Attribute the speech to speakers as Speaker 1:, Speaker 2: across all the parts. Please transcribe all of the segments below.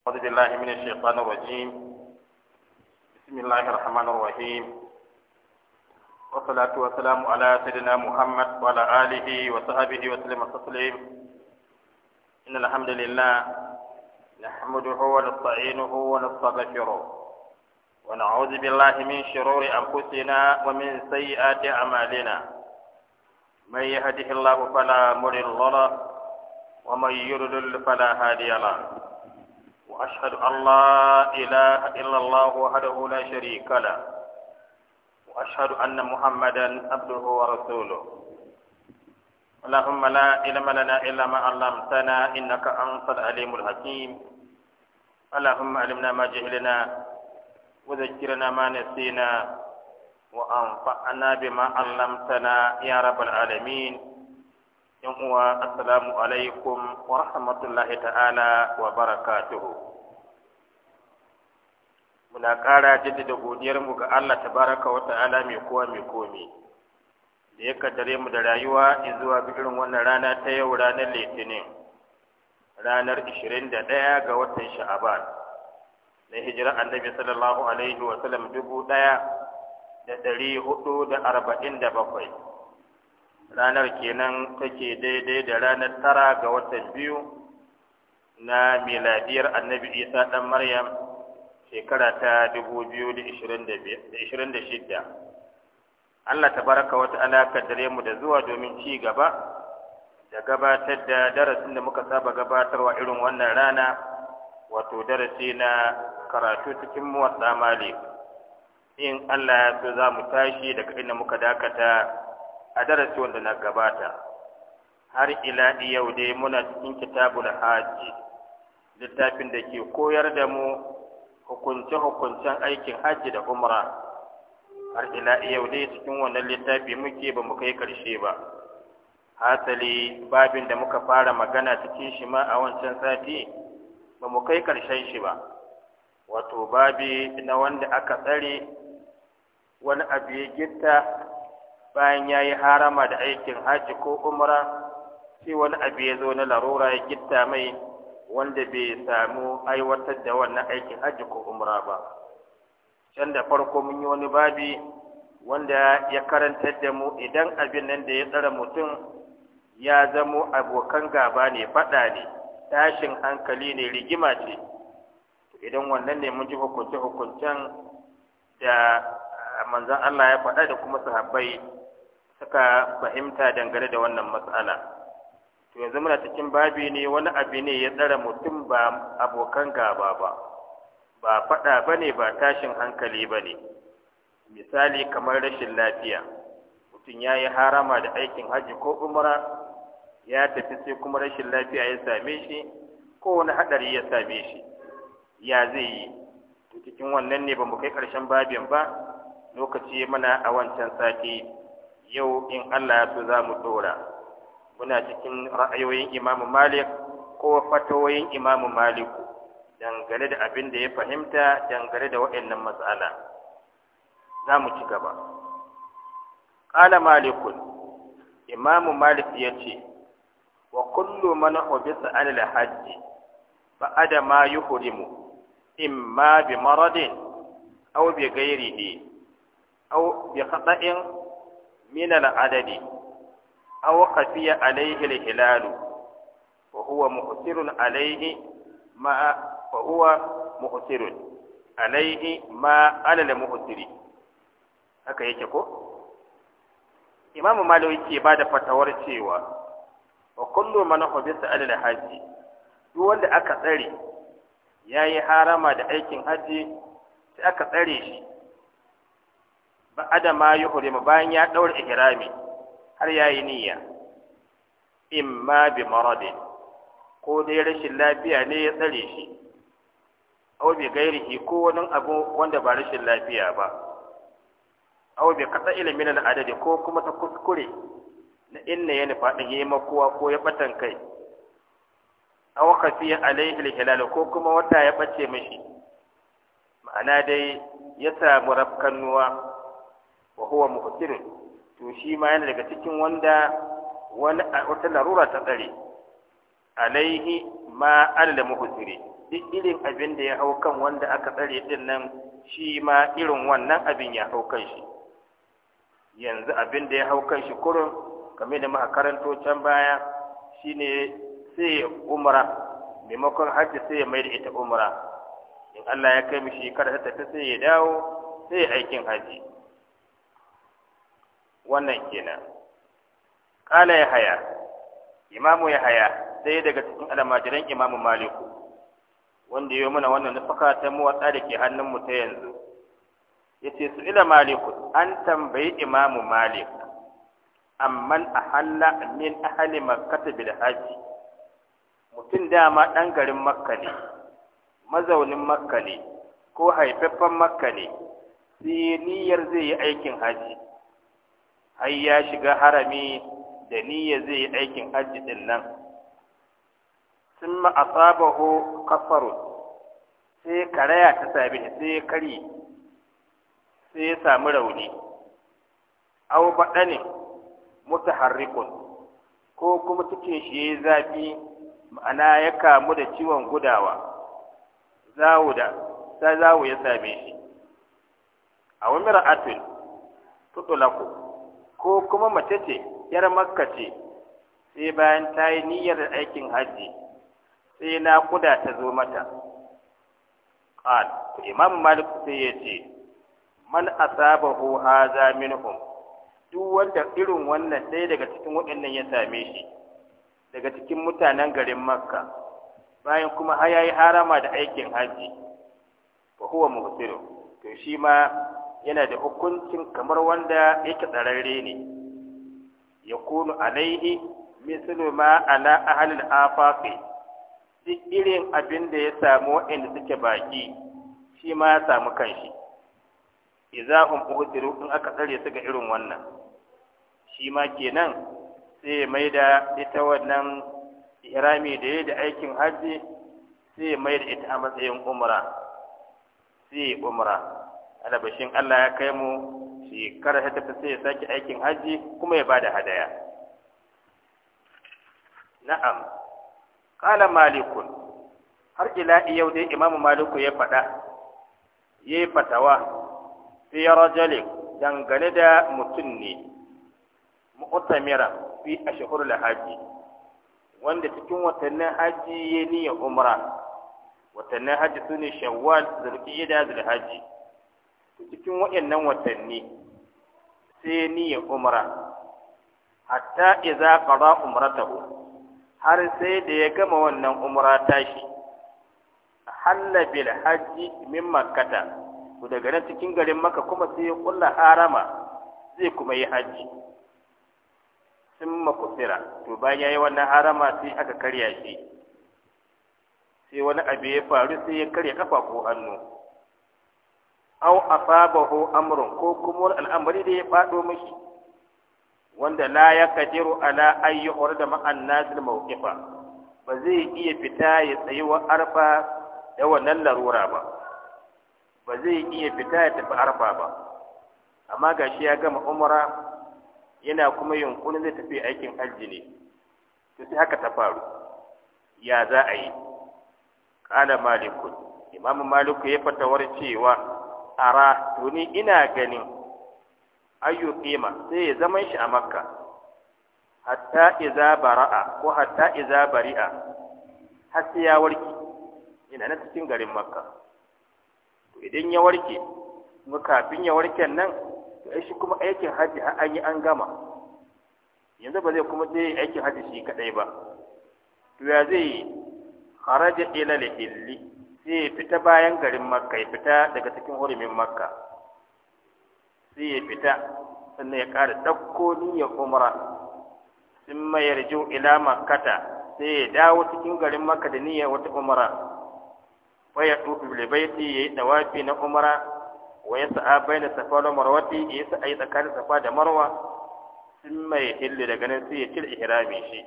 Speaker 1: أعوذ بالله من الشيطان الرجيم بسم الله الرحمن الرحيم والصلاة والسلام على سيدنا محمد وعلى آله وصحبه وسلم تسليم إن الحمد لله نحمده ونستعينه ونستغفره ونعوذ بالله من شرور أنفسنا ومن سيئات أعمالنا من يهده الله فلا مضل له ومن يضلل فلا هادي له وأشهد أن لا إله إلا الله وحده لا شريك له وأشهد أن محمدا عبده ورسوله اللهم لا علم لنا إلا ما علمتنا إنك أنت العليم الحكيم اللهم علمنا ما جهلنا وذكرنا ما نسينا وأنفعنا بما علمتنا يا رب العالمين yan uwa assalamu alaikum wa rahmatullahi ta'ala wa barakatuhu muna ƙara jaddada godiyarmu ga Allah tabaraka wa ta'ala mai kowa mai komi da ya kaddare mu da rayuwa zuwa irin wannan rana ta yau ranar litinin ranar 21 ga watan sha'aban na hijirar annabi sallallahu alaihi wa sallam dubu ɗaya da ɗari hudu da arba'in da bakwai ranar kenan take daidai da ranar tara ga watan biyu na miladiyar annabi isa dan maryam shekara ta dubu biyu da ishirin da shidda allah ta baraka wata alaƙa dare mu da zuwa domin ci gaba da gabatar da darasin da muka saba gabatarwa irin wannan rana wato darasi na karatu cikin muwatsa malik in allah ya so za mu tashi daga inda muka dakata a darasi wanda na gabata har ila yau dai muna cikin kitabul haji littafin da ke koyar da mu hukunce-hukuncen aikin Haji da umra har ila yau dai cikin wannan littafi muke ba mu kai karshe ba hasali babin da muka fara magana cikin shi ma a wancan sati ba mu kai karshen shi ba wato babi na wanda aka tsare wani abu ya gitta bayan ya yi harama da aikin hajji ko umra sai wani abu ya zo na larura ya gitta mai wanda bai samu aiwatar da wannan aikin hajji ko umra ba can da farko mun yi wani babi wanda ya karantar da mu idan abin nan da ya tsara mutum ya zamo abokan gaba ne faɗa ne tashin hankali ne rigima ce idan wannan ne mun ji hukunce-hukuncen da manzan Allah ya faɗa da kuma sahabbai suka fahimta dangane da wannan matsala to yanzu muna cikin babi ne wani abu ne ya tsara mutum ba abokan gaba ba ba faɗa ba ne ba tashin hankali ba ne misali kamar rashin lafiya mutum ya yi harama da aikin hajji ko umara ya tafi sai kuma rashin lafiya ya same shi ko wani haɗari ya same shi ya zai yi cikin wannan ne ba mu kai ƙarshen babin ba lokaci mana a wancan sati yau in Allah ya so za mu dora muna cikin ra'ayoyin imamu malik ko fatoyin imamu maliku dangane da abin da ya fahimta dangane da wa'annan matsala za mu ci gaba ƙala malikun imamu malik ya ce wa kullu man hubisa alal hajji fa ada ma yuhrimu imma bi maradin aw bi ghairihi aw bi khata'in من العدد أو aw عليه alayhi al مؤثر عليه ما فهو alayhi ma ما على المؤثر haka yake ko Imam Malik ke bada fatawar cewa wa kullu man hubisa al-hajji duk wanda aka tsare yayi harama da aikin haji sai aka tsare shi ba adama ya hurima bayan ya daura ihrami har yayi yi niyya imma bi maradin ko dai rashin lafiya ne ya tsare shi aw bi gairihi ko wani abu wanda ba rashin lafiya ba aw bi ilmin ilimin adad ko kuma ta kuskure na inna yana fadi da ko ya batan kai aw khafi alayhi al-hilal ko kuma wata ya bace mishi ma'ana dai ya samu rafkannuwa wa huwa to shi ma yana daga cikin wanda wani wata larura ta tsare alaihi ma alla muhtiri duk irin abin da ya hau kan wanda aka tsare din nan shi ma irin wannan abin ya hau kan shi yanzu abin da ya hau kan shi kurun kamar da muka karanto can baya shine sai umra maimakon hajji sai ya mai da ita umra in Allah ya kai mu shekara ta tafi sai ya dawo sai aikin hajji. wannan kenan kala ya haya imamu ya haya sai daga cikin almajiran imamu maliku wanda ya mana wannan nufaka ta muwatsa da ke hannunmu ta yanzu ya ce su ila maliku an tambayi imamu malik amman a halla min ahali makkata bil haji mutum dama ɗan garin makka ne mazaunin makka ne ko haifaffan makka ne sai niyyar zai yi aikin haji ai ya shiga harami da niyya zai yi aikin hajji din nan sun asabahu kafaru sai karaya ta sabi sai kari sai ya samu rauni au baɗanin mutaharrikun ko kuma cikin shi ya zafi ma'ana ya kamu da ciwon gudawa zawo da ta ya same shi a wani ra'atun tutulaku ko kuma mace ce yar makka ce sai bayan ta yi niyyar aikin hajji sai na naƙuda ta zo mata qal imam malik sai ya ce man asabahu hadha minhum duk wanda irin wannan sai daga cikin waɗannan ya same shi daga cikin mutanen garin makka bayan kuma har yayi harama da aikin hajji fa huwa muhsir to shi ma yana da hukuncin kamar wanda yake tsararre ne ya kunu alaihi mislu ma ala al afaqi duk irin abin da ya samu waɗanda suke baki shi ma ya samu kanshi idza hum uhdiru in aka tsare su ga irin wannan shi ma kenan sai mai da ita wannan ihrami da ya da aikin hajji sai mai da ita a matsayin umra sai umra alabashin Allah ya kai mu shekarar ta tafi sai ya sake aikin hajji kuma ya bada hadaya na'am qala malikun har ila yau dai imamu maliku ya faɗa yayi fatawa fi rajulin dangane da mutum ne mu'tamira fi ashhurul haji. wanda cikin watannin haji ya niyyar umra watannin hajji sune shawwal zulqa'da haji. cikin waɗannan watanni sai ni ya umra hatta idza qara umratahu har sai da ya gama wannan umra tashi halla bil hajji min makkata ko daga nan cikin garin makka kuma sai ya kulla harama zai kuma yi hajji sun makusira to bayan ya wannan harama sai aka karya shi sai wani abu ya faru sai ya karya kafa ko hannu aw asabahu amrun ko kuma al'amari da ya faɗo mishi wanda la ya kajiru ala an yuhur da ma'an nasil mawqifa ba zai iya fita ya tsayi wa arfa da wannan larura ba ba zai iya fita ya tafi arfa ba amma gashi ya gama umra yana kuma yunkurin zai tafi aikin hajji ne to sai haka ta faru ya za a yi qala malikun imamu maliku ya fatawar cewa ara tuni ina ganin ayyukima sai ya zaman shi a makka hatta iza bara'a ko hatta iza bari'a har sai ya warke ina na cikin garin makka idan ya warke kuma kafin ya warke nan to shi kuma aikin hajji har an yi an gama yanzu ba zai kuma je aikin hajji shi kadai ba to ya zai kharaja ila al sai ya fita bayan garin makka ya fita daga cikin hurumin makka sai ya fita sannan ya ƙara ɗauko niyyar umra sun mayar ju ila makkata sai ya dawo cikin garin makka da niyyar wata umra wa ya tuɓi bil baiti yi tawafi na umra wa ya sa'a na safa na marwati ya yi sa'a yi tsakanin safa da marwa sun mai hilli daga nan sai ya cire ihrami shi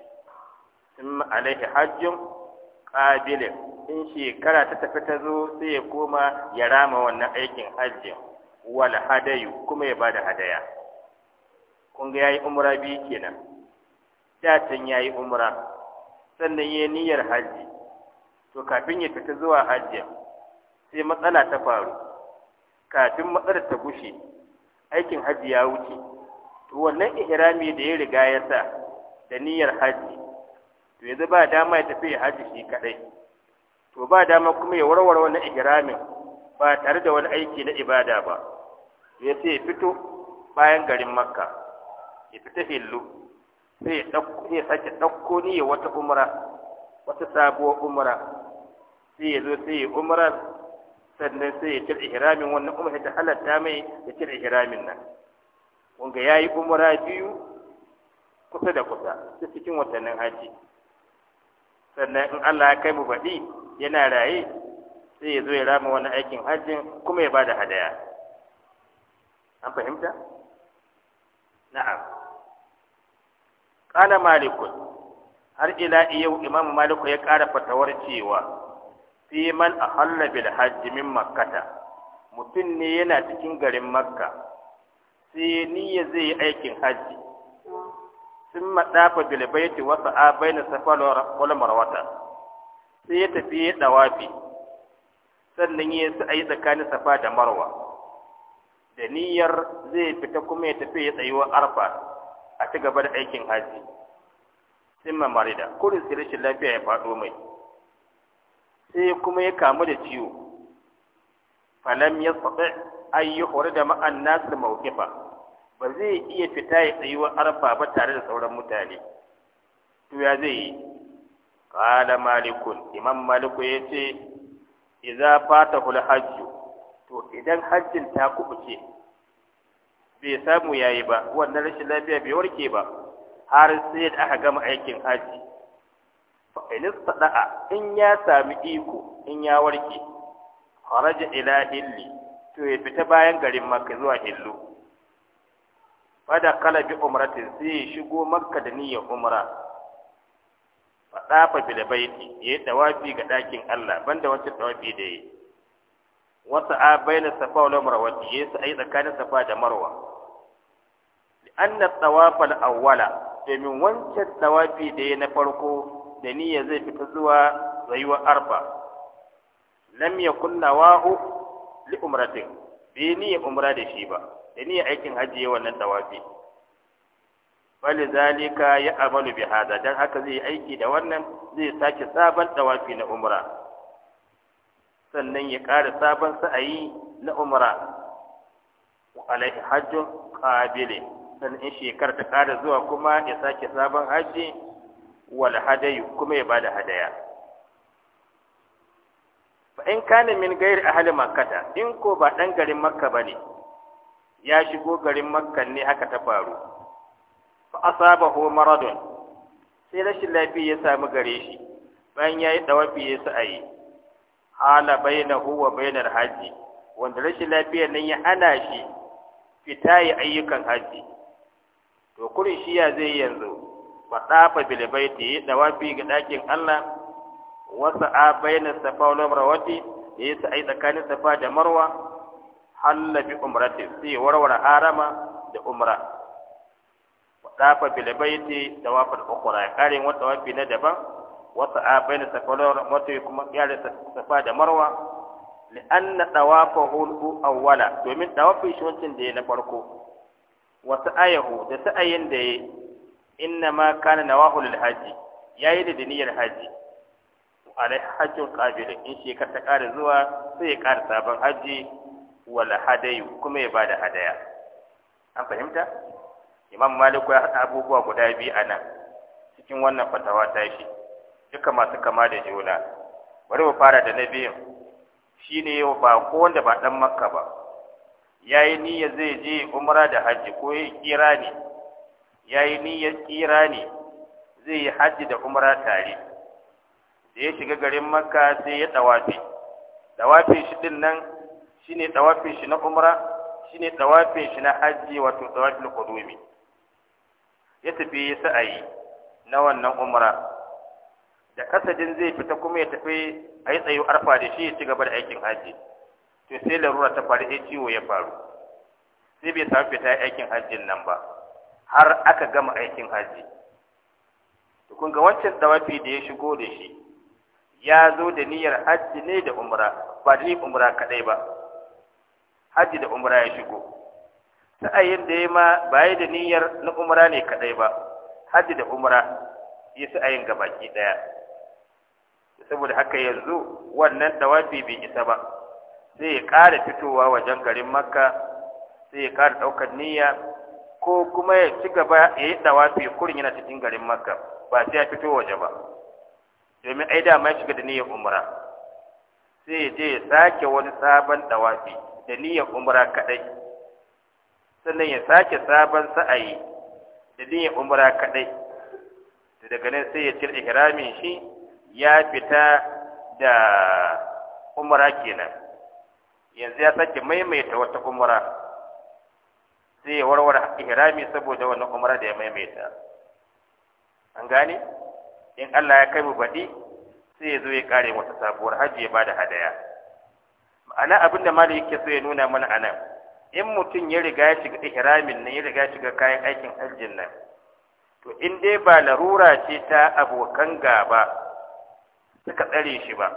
Speaker 1: sun alaihi hajjin ƙabilin in shekara ta tafi ta zo sai ya koma ya rama wannan aikin hajjin wal hadayu kuma ya bada hadaya kun ga yayi umra biyu kenan datan yayi umra sannan yayi niyyar hajji to kafin ya fita zuwa hajji sai matsala ta faru kafin matsalar ta gushe aikin hajji ya wuce to wannan ihrami da ya riga ya sa da niyyar hajji to yanzu ba dama ya tafi ya hajji shi kadai to ba dama kuma ya warware wani ihramin ba tare da wani aiki na ibada ba ya sai ya fito bayan garin makka ya fita hillu sai ya sake ɗauko ya wata umra wata sabuwar umra sai ya zo sai ya umra sannan sai ya cire ihramin wannan umra ta halatta mai ya cire ihramin nan wanga yayi umra biyu kusa da kusa ta cikin watannin haji sannan in Allah ya kai mu baɗi yana raye sai ya zo ya rama wani aikin hajjin kuma ya bada hadaya an fahimta na'am ƙala malikun har ila yau Imam maliku ya ƙara fatawar cewa fi man a bil hajji min makkata mutum ne yana cikin garin makka sai niyya zai yi aikin hajji sun matsafa bilbaiti wasu a baina safa wal marwata sai ya tafi ya dawafi sannan ya yi tsakanin safa da marwa da niyyar zai fita kuma ya tafi ya tsayuwar arfa a ci gaba da aikin haji sun mamari da kurin sai rashin lafiya ya faɗo mai sai kuma ya kamu da ciwo falam ya tsaɓe an da ma'an nasu mawkifa ba zai iya fita ya tsayi wa arfa ba tare da sauran mutane to ya zai yi kala malikun imam maliku ya ce Iza fata hul hajju? to idan hajjin ta kubuce bai samu yayi ba wannan rashin lafiya bai warke ba har sai da aka gama aikin hajji fa in istada'a in ya sami iko in ya warke kharaja ila illi. to ya fita bayan garin makka zuwa hillu fada kala bi umratin sai shigo makka da niyyar umra fa bil baiti yayi tawafi ga dakin Allah banda wacce tawafi da yayi wata a baina safa wal marwa yayi sai tsakanin safa da marwa anna al awwala domin wancan tawafi da ya na farko da niyya zai fita zuwa rayuwar arfa lam yakun nawahu li umratin bai niyya umra da shi ba da ni aikin ajiye ya wannan tawafi bali zalika ya amalu bi hada dan haka zai aiki da wannan zai sake sabon tawafi na umra sannan ya ƙara sabon sa'ayi na umra wa alaihi qabili sannan in shekar ta ƙara zuwa kuma ya sake sabon haji wal hadayu kuma ya bada hadaya fa in kana min ghairi ahli makkata in ko ba dan garin makka bane ya shigo garin makkan ne aka ta faru fa asabahu maradun sai rashin lafiya ya samu gare shi bayan ya yi dawafi ya sa'ayi hala bainahu wa bainar haji wanda rashin lafiyar nan ya hana shi fita yi ayyukan haji to kurin shi ya zai yanzu fa dafa bil baiti ya dawafi ga dakin Allah wasa a bainar safa wal marwati ya yi sa'ayi tsakanin safa da marwa halla bi umratin sai warware harama da umra wa dafa bil baiti tawaful ukhra kare wa tawafi na daban wa sa'a baina safalar wata kuma yare safa da marwa li anna tawafahu awwala domin tawafin shi da ya na farko wa sa'ayahu da sa'ayin da ya inna ma kana nawahu lil haji yayi da niyyar haji alai hajjul qabil in ka ta kare zuwa sai ya kare sabon haji Wala hadayu kuma ya bada hadaya an fahimta imam maliku ya hada abubuwa guda biyu anan. cikin wannan fatawa ta shi. duka masu kama da juna bari mu fara da na biyun shi ne ba ko wanda ba dan makka ba ya yi niyyar zai je umra da hajji ko ya kira ne ya yi niyyar kira ne zai yi hajji da umra tare da ya shiga garin makka sai ya ɗawafi Tawafin shi din nan shine tawafin shi na umra shine tawafin shi na aji wato tawafin qudumi ya tafi ya sa'ayi na wannan umra da kasajin zai fita kuma ya tafi a yi tsayo arfa da shi ya ci gaba da aikin haji to sai larura ta faru ya ciwo ya faru sai bai samu fita aikin hajjin nan ba har aka gama aikin haji to kun ga wancan tawafi da ya shigo da shi ya zo da niyyar hajji ne da umra ba da ni umra kadai ba hajji da umra ya shigo sa'ayin da ya ma ba yi da niyyar na umra ne kadai ba hajji da umra yi sa'ayin ga baki daya saboda haka yanzu wannan tawafi bai isa ba sai ya ƙara fitowa wajen garin makka sai ya ƙara ɗaukar niyya ko kuma ya ci gaba ya yi tawafi kurin yana cikin garin makka ba sai ya fito waje ba domin ai dama ya shiga da niyyar umra sai je ya sake wani sabon dawafi da niyyar umra kadai sannan ya sake sabon sa'ayi da niyyar umra kadai to daga nan sai ya cire ihramin shi ya fita da umra kenan yanzu ya sake maimaita wata umra sai ya warware ihrami saboda wannan umra da ya maimaita an gane in Allah ya kai mu baɗi sai ya zo ya kare wata sabuwar hajji ya bada hadaya ma'ana abinda malai yake so ya nuna mana anan in mutum ya riga ya shiga ihramin nan ya riga ya shiga kayan aikin hajjin nan to in dai ba larura ce ta abokan gaba suka tsare shi ba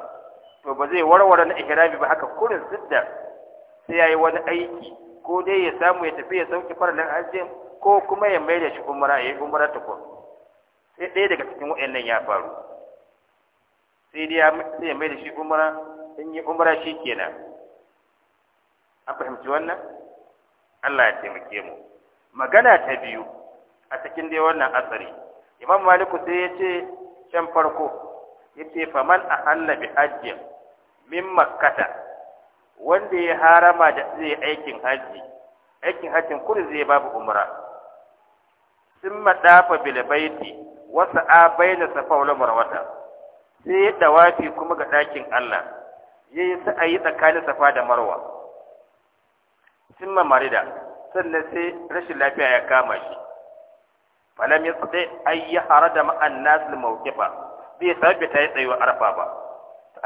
Speaker 1: to ba zai warware na ihrami ba haka kurin sidda sai yayi wani aiki ko dai ya samu ya tafi ya sauki faralin hajjin ko kuma ya mai da shi umra ya yi ta tukun sai ɗaya daga cikin waɗannan ya faru sai dai sai ya mai da shi umara, in yi umara shi kenan an fahimci wannan Allah ya taimake mu magana ta biyu a cikin dai wannan asari imam maliku sai ya ce can farko ya ce man a halla bi hajji min makkata wanda ya harama da zai aikin hajji aikin hajjin kudu zai babu umara. sun madafa bil wasa wasu a bayyana safa wal marwata sai ya dawafi kuma ga ɗakin Allah ya yi sa'ayi tsakanin safa da marwa sun mamarida sannan sai rashin lafiya ya kama shi falam ya tsaye ai ya hara da ma'an nasu mawkifa bai sabi ta yi tsayuwa arfa ba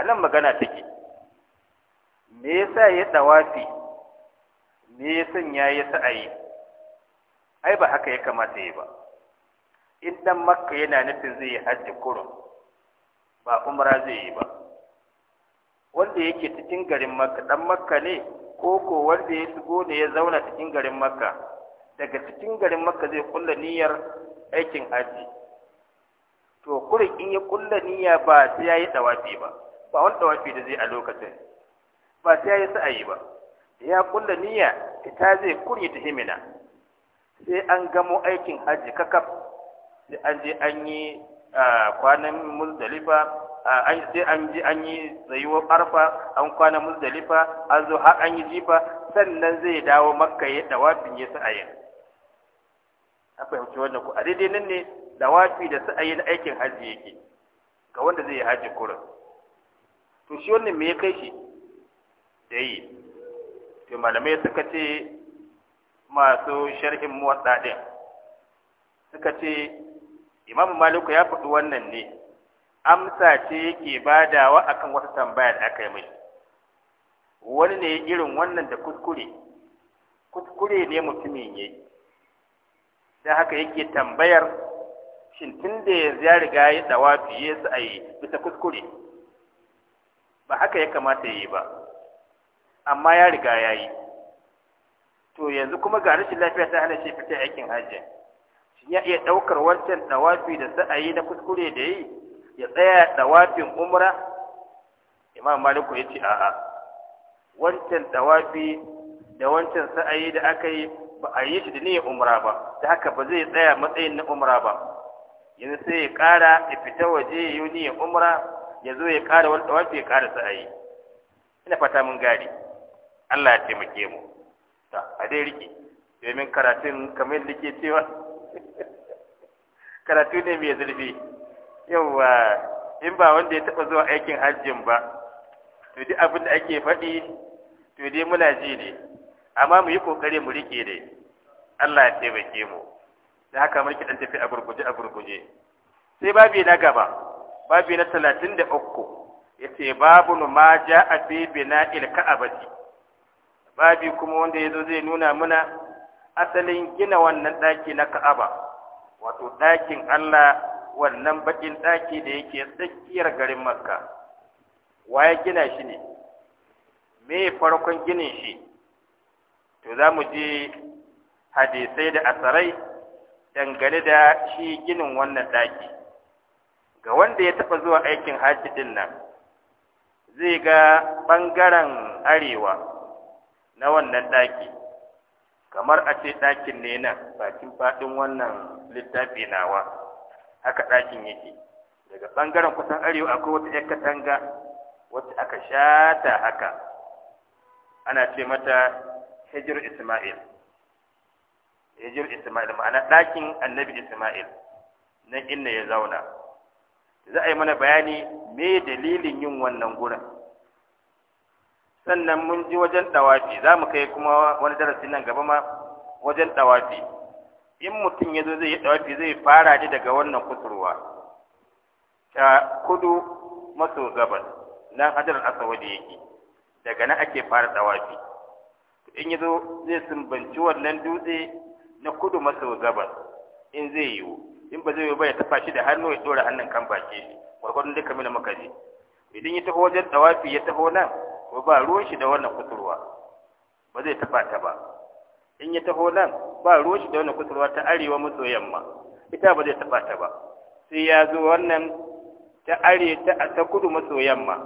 Speaker 1: a magana take me yasa ya dawafi me ya yi sa'ayi ai ba haka ya kamata ya ba Idan makka yana nufin zai yi hajji ba umra zai yi ba wanda yake cikin garin makka dan makka ne ko ko wanda ya shigo ne ya zauna cikin garin makka daga cikin garin makka zai kulla niyyar aikin haji to kurin in ya kulla niyya ba sai ya yi dawafi ba ba wani dawafi da zai a lokacin ba sai ya yi sa'ayi ba ya kulla niyya fita zai kurye ta himina sai an gamo aikin haji kakaf sai an je an yi kwanan muzdalifa an sai an ji an yi tsayuwar arfa an kwana muzdalifa an zo har an yi jifa sannan zai dawo makka ya dawafin ya sa'ayin a fahimci wannan ku a daidai nan ne dawafi da na aikin hajji yake ga wanda zai yi hajji kurin to shi wannan me ya kai shi da yi to malamai suka ce masu sharhin muwadda din suka ce imamu maliku ya faɗi wannan ne amsa ce yake badawa akan wata tambaya da aka yi mai wani ne irin wannan da kuskure kuskure ne mutumin yayi dan haka yake tambayar shin tun da yanzu ya riga ya dawa fiye su a yi bisa kuskure ba haka ya kamata ya yi ba amma ya riga ya yi to yanzu kuma ga rashin lafiya ta hana shi fita aikin hajji ya iya ɗaukar wancan ɗawafi da sa'ayi na kuskure da yi ya tsaya ɗawafin umra imam maliku ya ce a'a wancan ɗawafi da wancan sa'ayi da aka yi ba a yi shi da niyyar umra ba da haka ba zai tsaya matsayin na umra ba yanzu sai ya ƙara ya fita waje ya yi niyyar umra ya zo ya ƙara wani ɗawafi ya ƙara sa'ayi ina fata mun gari Allah ya taimake mu a dai rike domin karatun kamar da ke cewa karatu ne mai zurfi yauwa in ba wanda ya taba zuwa aikin hajjin ba to duk abin da ake faɗi to dai muna ji ne amma mu yi ƙoƙari mu rike ne Allah ya taimake mu da haka muke dan tafi a gurguje a gurguje sai babi na gaba babi na talatin da uku yace babu ma ja'a fi bina'il ka'abati babi kuma wanda yazo zai nuna muna asalin gina wannan ɗaki na Ka'aba wato ɗakin Allah wannan bakin ɗaki da yake tsakiyar garin Makka waye gina shi ne me farkon ginin shi to za mu je hadisai da asarai dangane da shi ginin wannan ɗaki ga wanda ya taɓa zuwa aikin hajji din nan zai ga ɓangaren arewa na wannan ɗaki kamar a ce ɗakin ne nan bakin faɗin wannan littafi nawa haka ɗakin yake daga ɓangaren kusan arewa akwai wata ‘yar katanga wacce aka shata haka ana ce mata hijir isma'il hijir isma'il ma'ana ɗakin annabi isma'il nan inna ya zauna za a yi mana bayani me dalilin yin wannan gurin sannan mun ji wajen ɗawafi za mu kai kuma wani darasi nan gaba ma wajen ɗawafi in mutum ya zo zai yi ɗawafi zai fara ne daga wannan kusurwa ta kudu maso gabas nan hajar asawadi yake daga nan ake fara ɗawafi in ya zo zai sumbanci wannan dutse na kudu maso gabas in zai yiwu in ba zai yi ba ya tafa shi da hannu ya ɗora hannun kan baki shi gwargwadon duka mina muka ji. idan ya taho wajen ɗawafi ya taho nan ko ba ruwan shi da wannan kusurwa ba zai tafa ta ba in ya taho nan ba ruwan shi da wannan kusurwa ta arewa maso yamma ita ba zai tafa ta ba sai ya zo wannan ta are ta ta kudu maso yamma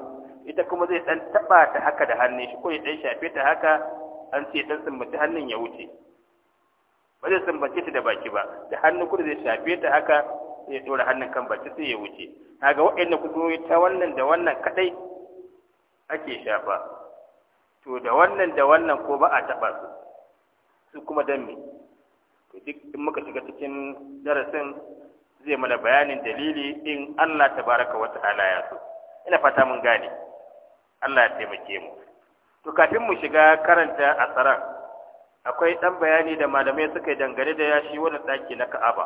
Speaker 1: ita kuma zai dan taba ta haka da hannun shi ko ya dan shafe ta haka an ce dan sumbaci hannun ya wuce ba zai sumbace ta da baki ba da hannun kudu zai shafe ta haka sai ya dora hannun kan baki sai ya wuce kaga wa'annan kusurwoyi ta wannan da wannan kadai ake shafa to da wannan da wannan ko ba a taɓa su su kuma don me to duk in muka shiga cikin darasin zai mana bayanin dalili in Allah baraka wa ta'ala ya so ina fata mun gane Allah ya taimake mu to kafin mu shiga karanta tsaron, akwai dan bayani da malamai suka yi dangane da yashi wani daki na Ka'aba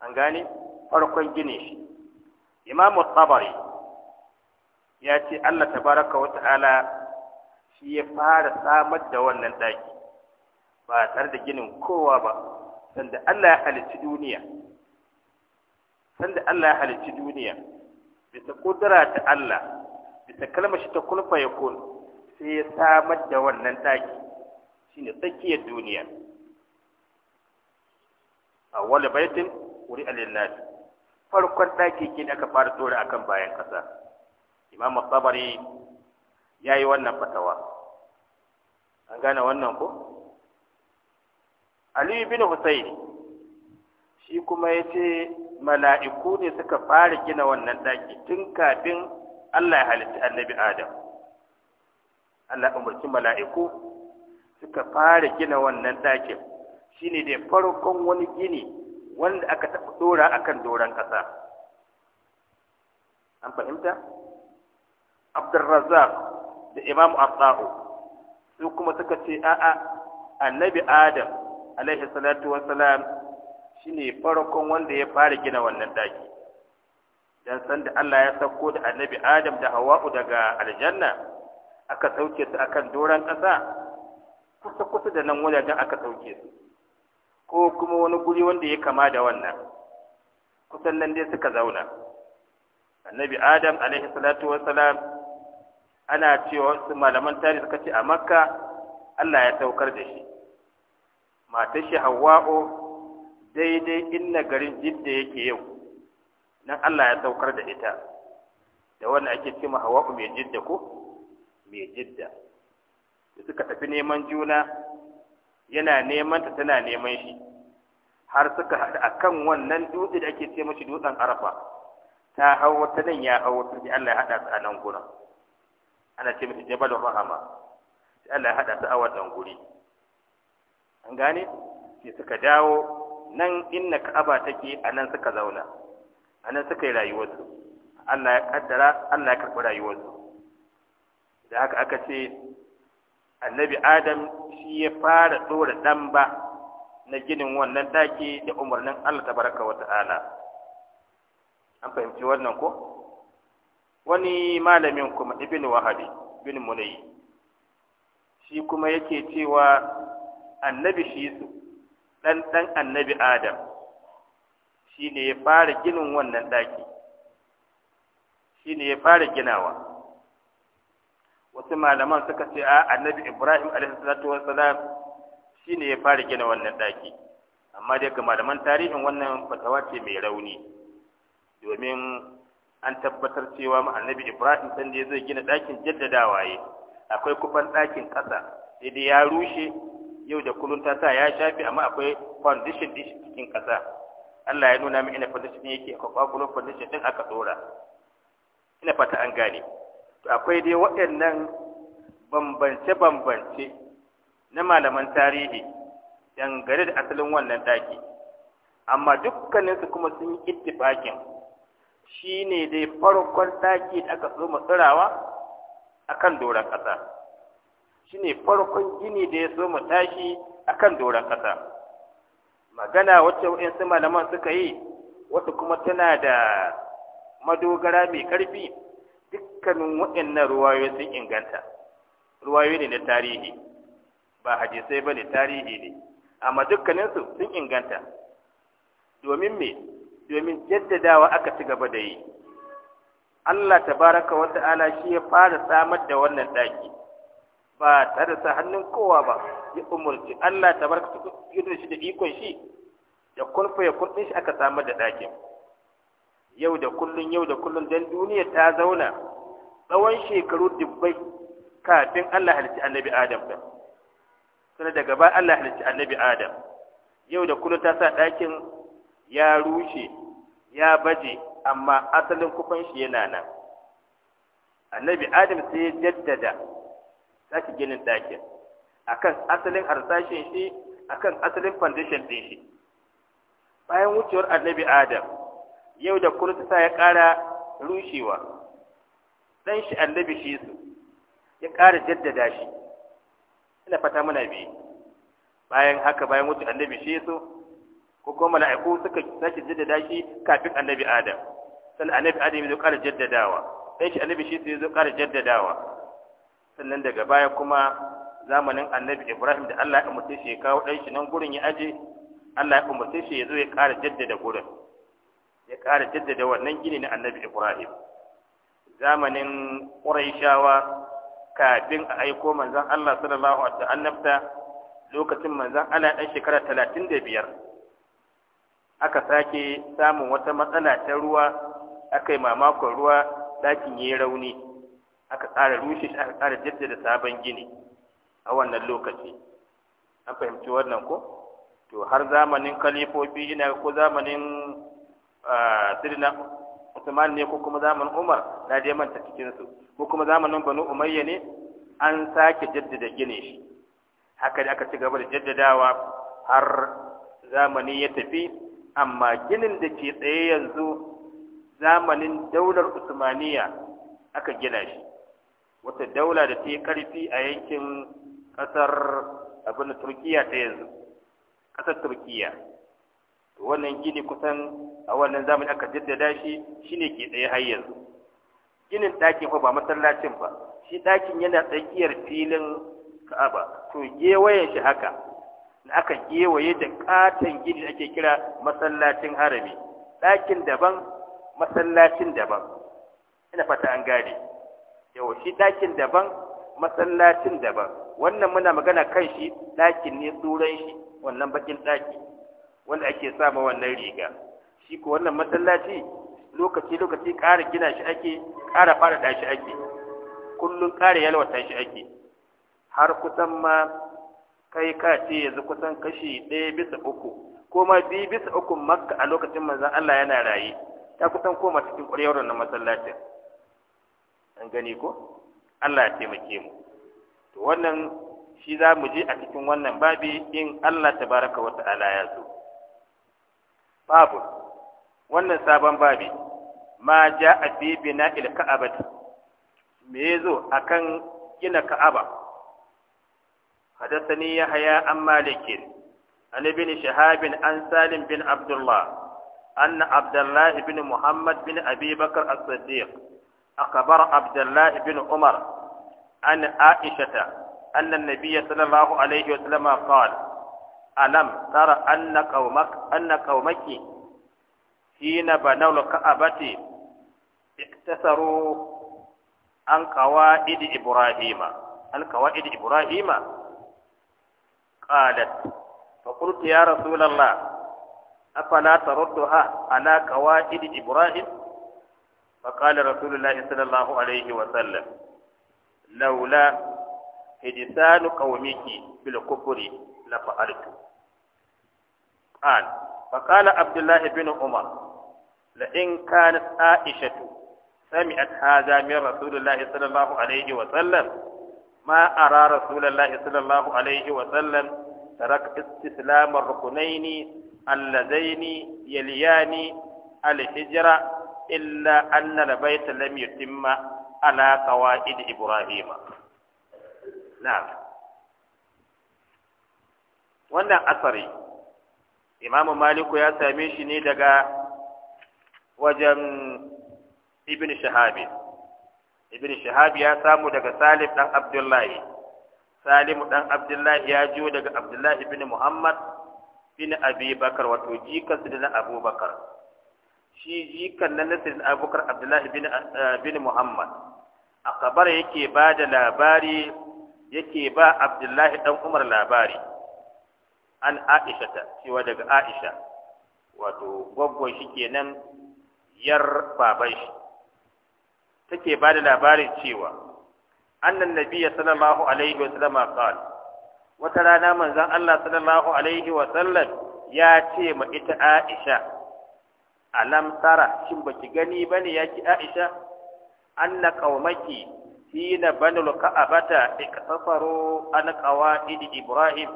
Speaker 1: an gane farkon gine shi Imam Tabari ya ce Allah tabaraka wa ta'ala shi ya fara samar da wannan ɗaki ba tare da ginin kowa ba sanda Allah ya halicci duniya sanda Allah ya halicci duniya bisa kudura ta Allah bisa kalmar shi ta kulfa ya kun sai ya samar da wannan ɗaki shine tsakiyar duniya a wani baitin wuri alillahi farkon ɗaki ke aka fara tsora akan bayan ƙasa imam sabari ya yi wannan fatawa an gane wannan ko aliyu bin husayn shi kuma ya ce mala'iku ne suka fara gina wannan ɗaki tun kafin allah ya halitta annabi adam allah umarci mala'iku suka fara gina wannan ɗakin shi ne da farkon wani gini wanda aka taɓa dora akan doron ƙasa an fahimta abdurrazzaq da imamu abba'u su kuma suka ce a'a annabi adam alaihi salatu shi shine farkon wanda ya fara gina wannan daki dan san da Allah ya sauko da annabi adam da hawa'u daga aljanna aka sauke su akan doron ƙasa kusa kusa da nan wajajen aka sauke su ko kuma wani guri wanda ya kama da wannan kusan nan dai suka zauna annabi adam alaihi salatu wassalam ana cewa wasu malaman tarihi suka ce a makka Allah ya saukar da shi matar shi hawa'o daidai inna garin jidda yake yau nan Allah ya saukar da ita da wani ake cewa hawa'u mai jidda ko mai jidda suka tafi neman juna yana neman ta tana neman shi har suka haɗu akan wannan dutse da ake ce mashi dutsen arafa ta hau wata nan ya hau wata Allah ya haɗa su a nan gurin ana ce mishi jabalun rahama sai Allah ya hada su a wannan guri an gane sai suka dawo nan inna ka'aba take a nan suka zauna a nan suka yi rayuwarsu Allah ya kaddara Allah ya karɓi rayuwarsu da haka aka ce annabi adam shi ya fara ɗora ɗan ba na ginin wannan ɗaki da umarnin Allah tabaraka wa ta'ala an fahimci wannan ko wani malamin kuma ibn wahabi bin munayi shi kuma yake cewa annabi shi su dan dan annabi adam shi ne ya fara ginin wannan daki shi ne ya fara ginawa wasu malaman suka ce a annabi ibrahim alaihissalatu wassalam shi ne ya fara gina wannan daki amma dai ga malaman tarihin wannan fatawa ce mai rauni domin an tabbatar cewa ma annabi ibrahim dan da zai gina ɗakin jaddadawa ya akwai kufan ɗakin ƙasa daidai ya rushe yau da kullun ta sa ya shafi amma akwai foundation dish cikin ƙasa Allah ya nuna min ina foundation yake akwai kwakwalwar foundation din aka dora ina fata an gane to akwai dai waɗannan bambance-bambance na malaman tarihi dangane da asalin wannan ɗaki amma dukkaninsu kuma sun yi ittifaƙin shi ne dai farkon ɗaki da aka so matsirawa a kan doron ƙasa shi ne farkon gini da ya so mu tashi a kan doron ƙasa magana wacce waɗansu malaman suka yi wata kuma tana da madogara mai ƙarfi dukkanin waɗannan ruwayoyi sun inganta ruwayoyi ne na tarihi ba hadisai ba ne tarihi ne amma dukkaninsu sun inganta domin me domin jaddadawa aka ci gaba da yi Allah tabaraka wa ta'ala shi ya fara samar da wannan daki ba tare da hannun kowa ba ya umurci Allah tabaraka ta shi da ikon shi da kulfa ya kulfin shi aka samar da dakin yau da kullun yau da kullun dan duniya ta zauna tsawon shekaru dubbai kafin Allah halicci annabi Adam da sai daga ba Allah halicci annabi Adam yau da kullun ta sa dakin ya rushe ya baje amma asalin kufan shi yana nan annabi adam sai ya jaddada sake ginin ɗakin akan asalin harsashin shi akan asalin foundation ɗin shi bayan wucewar annabi adam yau da kurtusa ya ƙara rushewa ɗan shi annabi shi su ya ƙara jaddada shi ina fata muna biyu bayan haka bayan wuce annabi shi su ko kuma mala'iku suka sake jaddada shi kafin annabi adam sannan annabi adam ya zo ƙara jaddadawa sai shi annabi shi zai zo ƙara jaddadawa sannan daga baya kuma zamanin annabi ibrahim da allah ya umarce shi ya kawo ɗan shi nan gurin ya aje allah ya umarce shi ya zo ya ƙara jaddada gurin ya ƙara jaddada wannan gini na annabi ibrahim zamanin ƙuraishawa kafin a aiko manzon Allah sallallahu alaihi sallam lokacin manzon Allah ɗan shekara talatin da biyar aka sake samun wata matsala ta ruwa aka yi mamakon ruwa ɗakin ya yi rauni aka tsara rushe shi aka tsara jaddada sabon gini a wannan lokaci an fahimci wannan ko to har zamanin kalifofi ina ko zamanin sirina Usman ne ko kuma zamanin Umar na dai manta cikin su ko kuma zamanin Banu Umayya ne an sake jaddada gine shi haka da aka ci gaba da jaddadawa har zamani ya tafi amma ginin da ke tsaye yanzu zamanin daular usmaniya aka gina shi wata daula da ta yi ƙarfi a yankin ƙasar abin turkiya ta yanzu ƙasar turkiya wannan gini kusan a wannan zamani aka jaddada shi shine ke tsaye har yanzu ginin ɗakin fa ba masallacin ba shi ɗakin yana tsakiyar filin ka'aba to gewayen shi haka da aka kewaye da katon gini ake kira masallacin harami ɗakin daban masallacin daban ina fata an gane yawa shi ɗakin daban masallacin daban wannan muna magana kan shi ɗakin ne tsuran shi wannan bakin ɗaki wanda ake sama wannan riga shi ko wannan masallaci lokaci lokaci ƙara gina shi ake ƙara fara shi ake kullum ƙara yalwata shi ake har kusan ma kai ka ce yanzu kusan kashi ɗaya bisa uku ko ma biyu bisa uku makka a lokacin maza Allah yana raye ta kusan koma cikin ƙwarewar wannan masallacin an gani ko Allah ya taimake mu to wannan shi za mu je a cikin wannan babi in Allah tabaraka wa ta'ala ya so babu wannan sabon babi ma ja'a fi bina'il ka'abati me yazo akan gina ka'aba حدثني يحيى عن مالك عن ابن شهاب عن سالم بن عبد الله أن عبد الله بن محمد بن أبي بكر الصديق أخبر عبد الله بن عمر عن عائشة أن النبي صلى الله عليه وسلم قال ألم ترى أن قومك أن قومك حين بنوا الكعبة اقتصروا عن قواعد إبراهيم عن قواعد إبراهيم قالت فقلت يا رسول الله أفلا تردها على قواعد إبراهيم فقال رسول الله صلى الله عليه وسلم لولا هجسان قومك بالكفر لفعلت قال فقال عبد الله بن عمر لئن كانت عائشة سمعت هذا من رسول الله صلى الله عليه وسلم ما أرى رسول الله صلى الله عليه وسلم ترك استسلام الركنين اللذين يليان الهجرة إلا أن البيت لم يتم على قواعد إبراهيم نعم wannan asari imamu maliku ya same shi ne daga wajen ibn shahabin ibn shahab ya samu daga salim dan abdullahi salimu dan abdullahi ya jiyo daga abdullahi ibn muhammad bin abi bakar wato jikan sidina abubakar shi jikan na sidina abubakar abdullahi bin, eh, bin muhammad a kabar yake ba da labari yake ba abdullahi dan umar labari an aisha ta cewa daga aisha wato gwaggon shi kenan yar baban shi take ba da labarin cewa annan nabiyya sallallahu alaihi wa sallam qal wata rana manzon Allah sallallahu alaihi wa sallam ya ce ma ita Aisha alam tara shin baki gani bane ki Aisha anna qaumaki hina banul ka'abata iktasaru an qawaid Ibrahim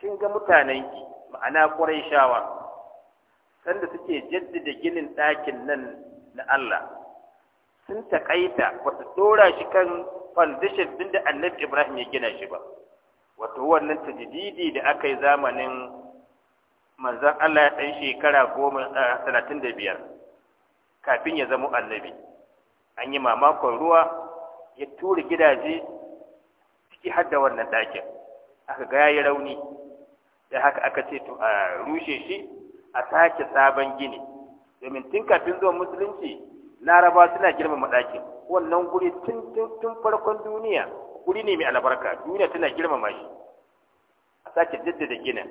Speaker 1: kin ga ki, ma'ana quraishawa sanda suke jaddada ginin dakin nan na Allah sun taƙaita wata dora shi kan foundation din da annabi ibrahim ya gina shi ba wato wannan tajdidi da aka yi zamanin manzan allah ya ɗan shekara goma talatin da biyar kafin ya zama annabi an yi mamakon ruwa ya tura gidaje ciki har da wannan ɗakin aka ga yayi rauni da haka aka ce to a rushe shi a sake sabon gini domin tun kafin zuwa musulunci laraba suna girmama ɗakin wannan guri tun farkon duniya guri ne mai albarka duniya tana girmama shi a sake jaddada ginin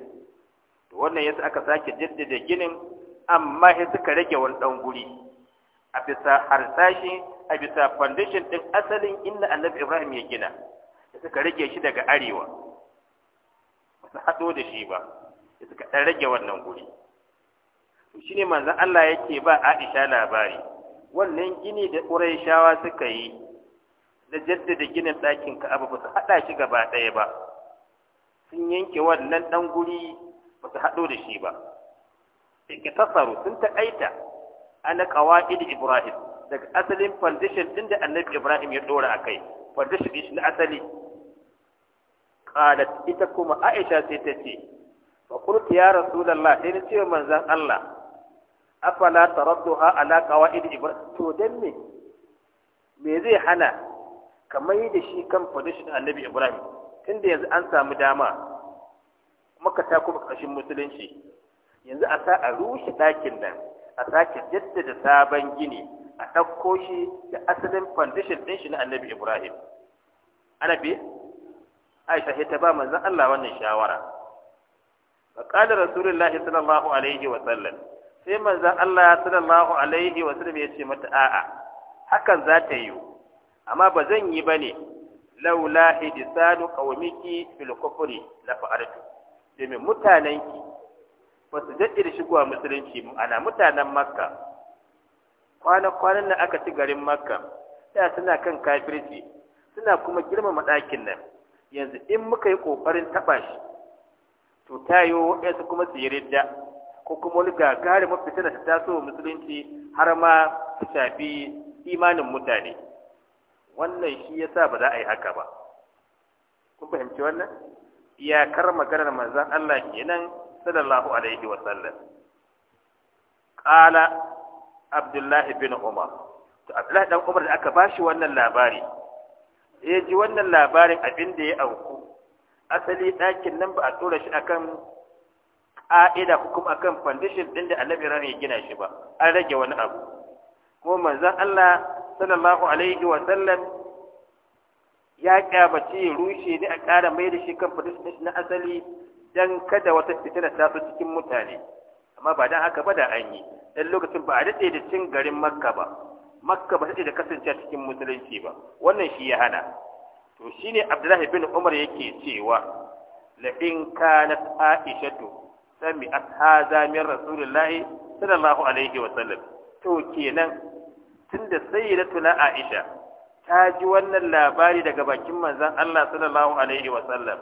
Speaker 1: to wannan yasa aka sake jaddada ginin amma sai suka rage wani ɗan guri a bisa harsashi a bisa foundation din asalin inna annabi ibrahim ya gina suka rage shi daga arewa ba su haɗo da shi ba suka ɗan rage wannan guri shi ne manzon Allah yake ba Aisha labari wannan gini da ƙuraishawa suka yi da jaddada ginin ɗakin abu ba su haɗa shi gaba ɗaya ba sun yanke wannan ɗan guri ba su haɗo da shi ba ikitasaru sun taƙaita ana ƙawa'id ibrahim daga asalin foundation ɗin da annabi ibrahim ya ɗora a kai foundation ɗin shi na asali qalat ita kuma aisha sai ta ce fa ya rasulullah sai na ce manzon allah afala taradduha ala qawaid ibrahim to dan me me zai hana kamar da shi kan position annabi ibrahim tunda yanzu an samu dama maka ta kuma ƙarshen musulunci yanzu a sa a rushe ɗakin nan a sake jaddada sabon gini a ɗauko shi da asalin foundation ɗin shi na annabi ibrahim annabi aisha sai ta ba manzon allah wannan shawara فقال رسول الله صلى الله عليه وسلم sai manzon Allah sallallahu alaihi wa sallam ya ce mata a'a hakan za ta yi amma ba zan yi bane laula hidisanu qawmiki fil kufri la fa'artu domin mutanenki ba su daɗe da shigowa musulunci ana mutanen makka kwana-kwanan nan aka ci garin makka da suna kan kafirci suna kuma girmama ɗakin nan yanzu in muka yi ƙoƙarin taɓa shi to ta yiwu waɗansu kuma su yi ridda ko kuma wani gagarin mafita da ta taso musulunci har ma ta shafi imanin mutane wannan shi ya sa ba za a yi haka ba kun fahimci wannan iyakar maganar manzan Allah nan, sallallahu alaihi wa sallam qala abdullahi bin umar to abdullahi dan umar da aka bashi wannan labari ya ji wannan labarin abin da ya auku asali ɗakin nan ba a tura shi akan ƙa'ida ko kuma akan foundation ɗin da annabi rana ya gina shi ba an rage wani abu kuma manzon Allah sallallahu alaihi wa sallam ya kyabace rushe ne a ƙara mai da shi kan foundation na asali dan kada wata fitina ta so cikin mutane amma ba dan haka ba da an yi dan lokacin ba a daɗe da cin garin makka ba makka ba da kasance cikin musulunci ba wannan shi ya hana to shine abdullahi bin umar yake cewa la in kanat sami'at hadha min rasulillahi sallallahu alaihi wa sallam to kenan tunda sayyidatuna Aisha ta ji wannan labari daga bakin manzon Allah sallallahu alaihi wa sallam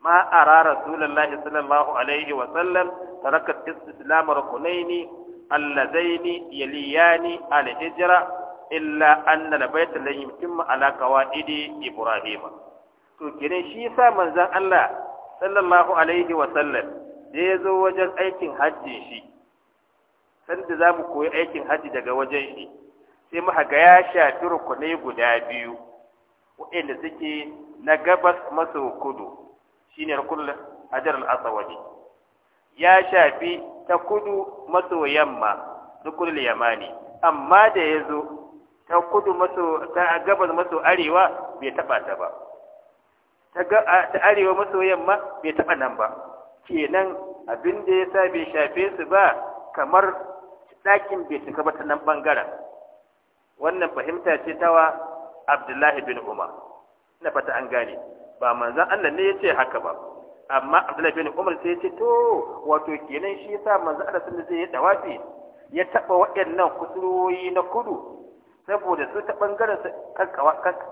Speaker 1: ma ara rasulullahi sallallahu alaihi wa sallam tarakat istislam rukunaini Allazaini, yaliyani al-hijra illa anna labaita lan yutimma ala qawaidi ibrahima to kenan shi yasa manzon Allah sallallahu alaihi wa sallam da ya zo wajen aikin hajji shi sanda za mu koyi aikin hajji daga wajen shi sai muka ga ya shafi rukunai guda biyu wa'inda suke na gabas maso kudu shine rukunul hajar al-aswadi ya shafi ta kudu maso yamma rukunul yamani amma da ya zo ta kudu maso ta gabas maso arewa bai taba ta ba ta arewa maso yamma bai taba nan ba kenan abin da ya sa bai shafe su ba kamar ɗakin bai shiga ba ta nan ɓangaren wannan fahimta ce tawa abdullahi bin umar na fata an gane ba manzan allah ne ya ce haka ba amma abdullahi bin umar sai ya ce to wato kenan shi ya sa manzan allah sun zai ya dawafi ya taɓa waɗannan kusuroyi na kudu saboda su ta ɓangaren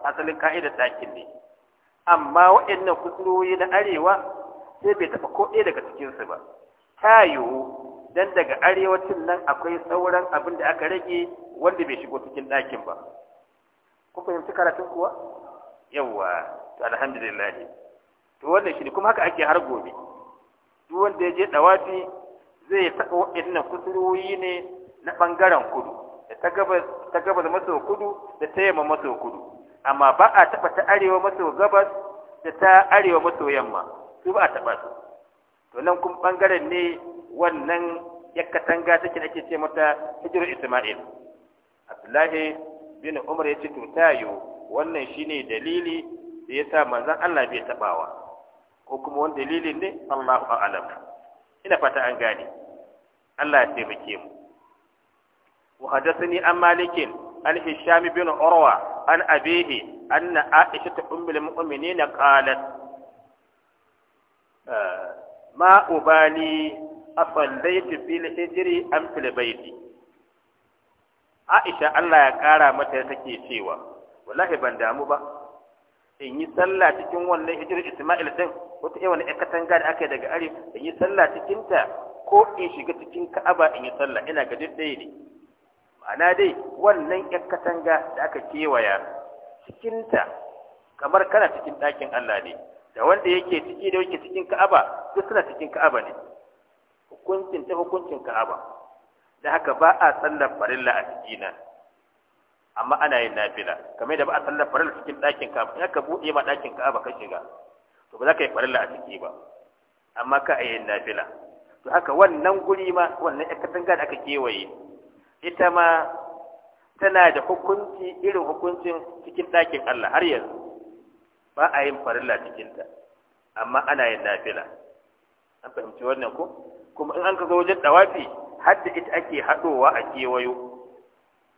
Speaker 1: asalin ka'idar ɗakin ne amma waɗannan kusuroyi na arewa sai bai taɓa ko ɗaya daga cikinsu ba ta yiwu dan daga arewacin nan akwai sauran abin da aka rage wanda bai shigo cikin ɗakin ba ku fahimci karatun kuwa yawwa to alhamdulillah to wannan shi ne kuma haka ake har gobe duk wanda ya je dawafi zai taɓa waɗannan kusuroyi ne na ɓangaren kudu da ta ta gabas maso kudu da ta yamma maso kudu amma ba a taɓa ta arewa maso gabas da ta arewa maso yamma su ba a taɓa su to nan kuma ɓangaren ne wannan ya katanga take da ake ce mata hijirar isma'il abdullahi bin umar ya ce to tayo wannan shine dalili da ya sa manzon Allah bai taɓawa ko kuma wani dalilin ne Allahu a'lam ina fata an gane Allah ya taimake mu an malikin an hisham bin urwa an عن anna Aisha ta ummul المؤمنين qalat ma ubali asallaitu fil hijri am fil baiti Aisha Allah ya kara mata take cewa wallahi ban damu ba in yi sallah cikin wannan hijri Isma'il din wata yawan katanga da aka yi daga Arif in yi sallah cikin ta ko in shiga cikin Ka'aba in yi sallah ina ga duk dai ne ma'ana dai wannan ƴar katanga da aka kewaya cikinta kamar kana cikin ɗakin Allah ne da wanda yake ciki da yake cikin Ka'aba duk suna cikin Ka'aba ne hukuncin ta hukuncin Ka'aba da haka ba a sallar farilla a ciki nan amma ana yin nafila kamar yadda ba a sallar farilla cikin ɗakin Ka'aba in ka buɗe ma ɗakin Ka'aba ka shiga to ba za ka yi farilla a ciki ba amma ka yin nafila to haka wannan guri ma wannan ƴar katanga da aka kewaye ita ma tana da hukunci irin hukuncin cikin ɗakin Allah har yanzu ba a yin farilla cikinta amma ana yin nafila an fahimci wannan ko kuma in an ka zo wajen dawafi har da ita ake haɗowa a kewayo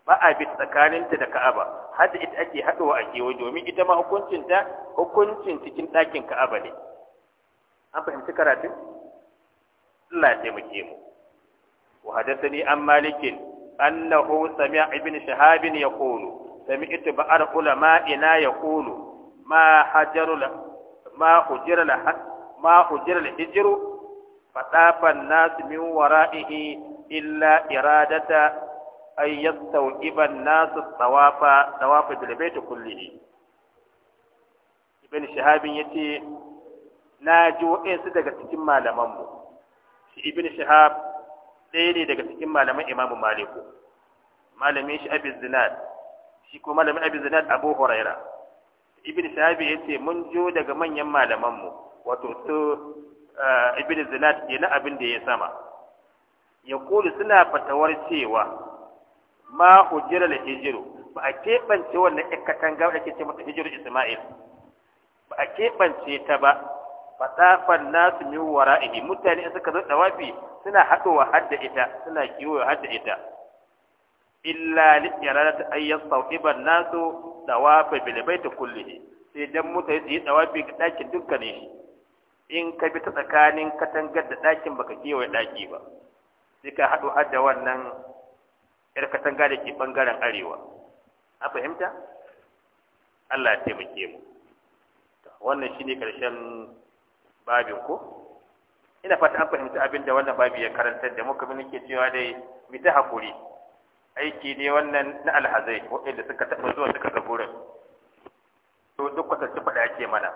Speaker 1: ba a bi tsakaninta da ka'aba har da ita ake haɗowa a kewayo domin ita ma hukuncinta hukuncin cikin ɗakin ka'aba ne an fahimci karatun Allah ya taimake mu wa hadathani an malikin annahu sami'a ibn shahabin yaqulu sami'tu ba'ar ulama'ina yaqulu ma hajarul ma hujral ma hujral hijru fatafan nasu min الناس illa iradata ay yastawqiban nasu يستوجب الناس الطواف طواف البيت كله shahabin شهاب na ji wa'insu daga cikin malamanmu shi ibn shahab ɗaya ne daga cikin malaman imamu maliku malamin shi abin zinad shi kuma malamin abin zinad abu huraira ibn sahabi ya ce mun jo daga manyan malamanmu wato su eh, ibn zinat ke na abin da ya sama ya kulu suna fatawar cewa ma hujjira da hijiru ba a keɓance wannan ikatan katanga da ke ce mata hijiru isma'il ba a keɓance ta ba fasafan nasu min wara'ihi mutane suka zo dawafi suna haɗowa hadda ita suna kiwo hadda ita illa li yarada ay yastawqiba an-nasu dawafa bil bait kullihi sai dan muta su yi dawafi ga dakin dukkanin shi in ka bi ta tsakanin katangar da dakin baka kewaye daki ba sai ka hadu har da wannan yar katanga da ke bangaren arewa a fahimta Allah ya taimake mu wannan shine karshen babin ko ina fata an fahimci abin da wannan babi ya karantar da muka nake cewa dai mu ta hakuri aiki ne wannan na alhazai waɗanda suka taɓa zuwa suka ga gurin to duk kwatance faɗa ake mana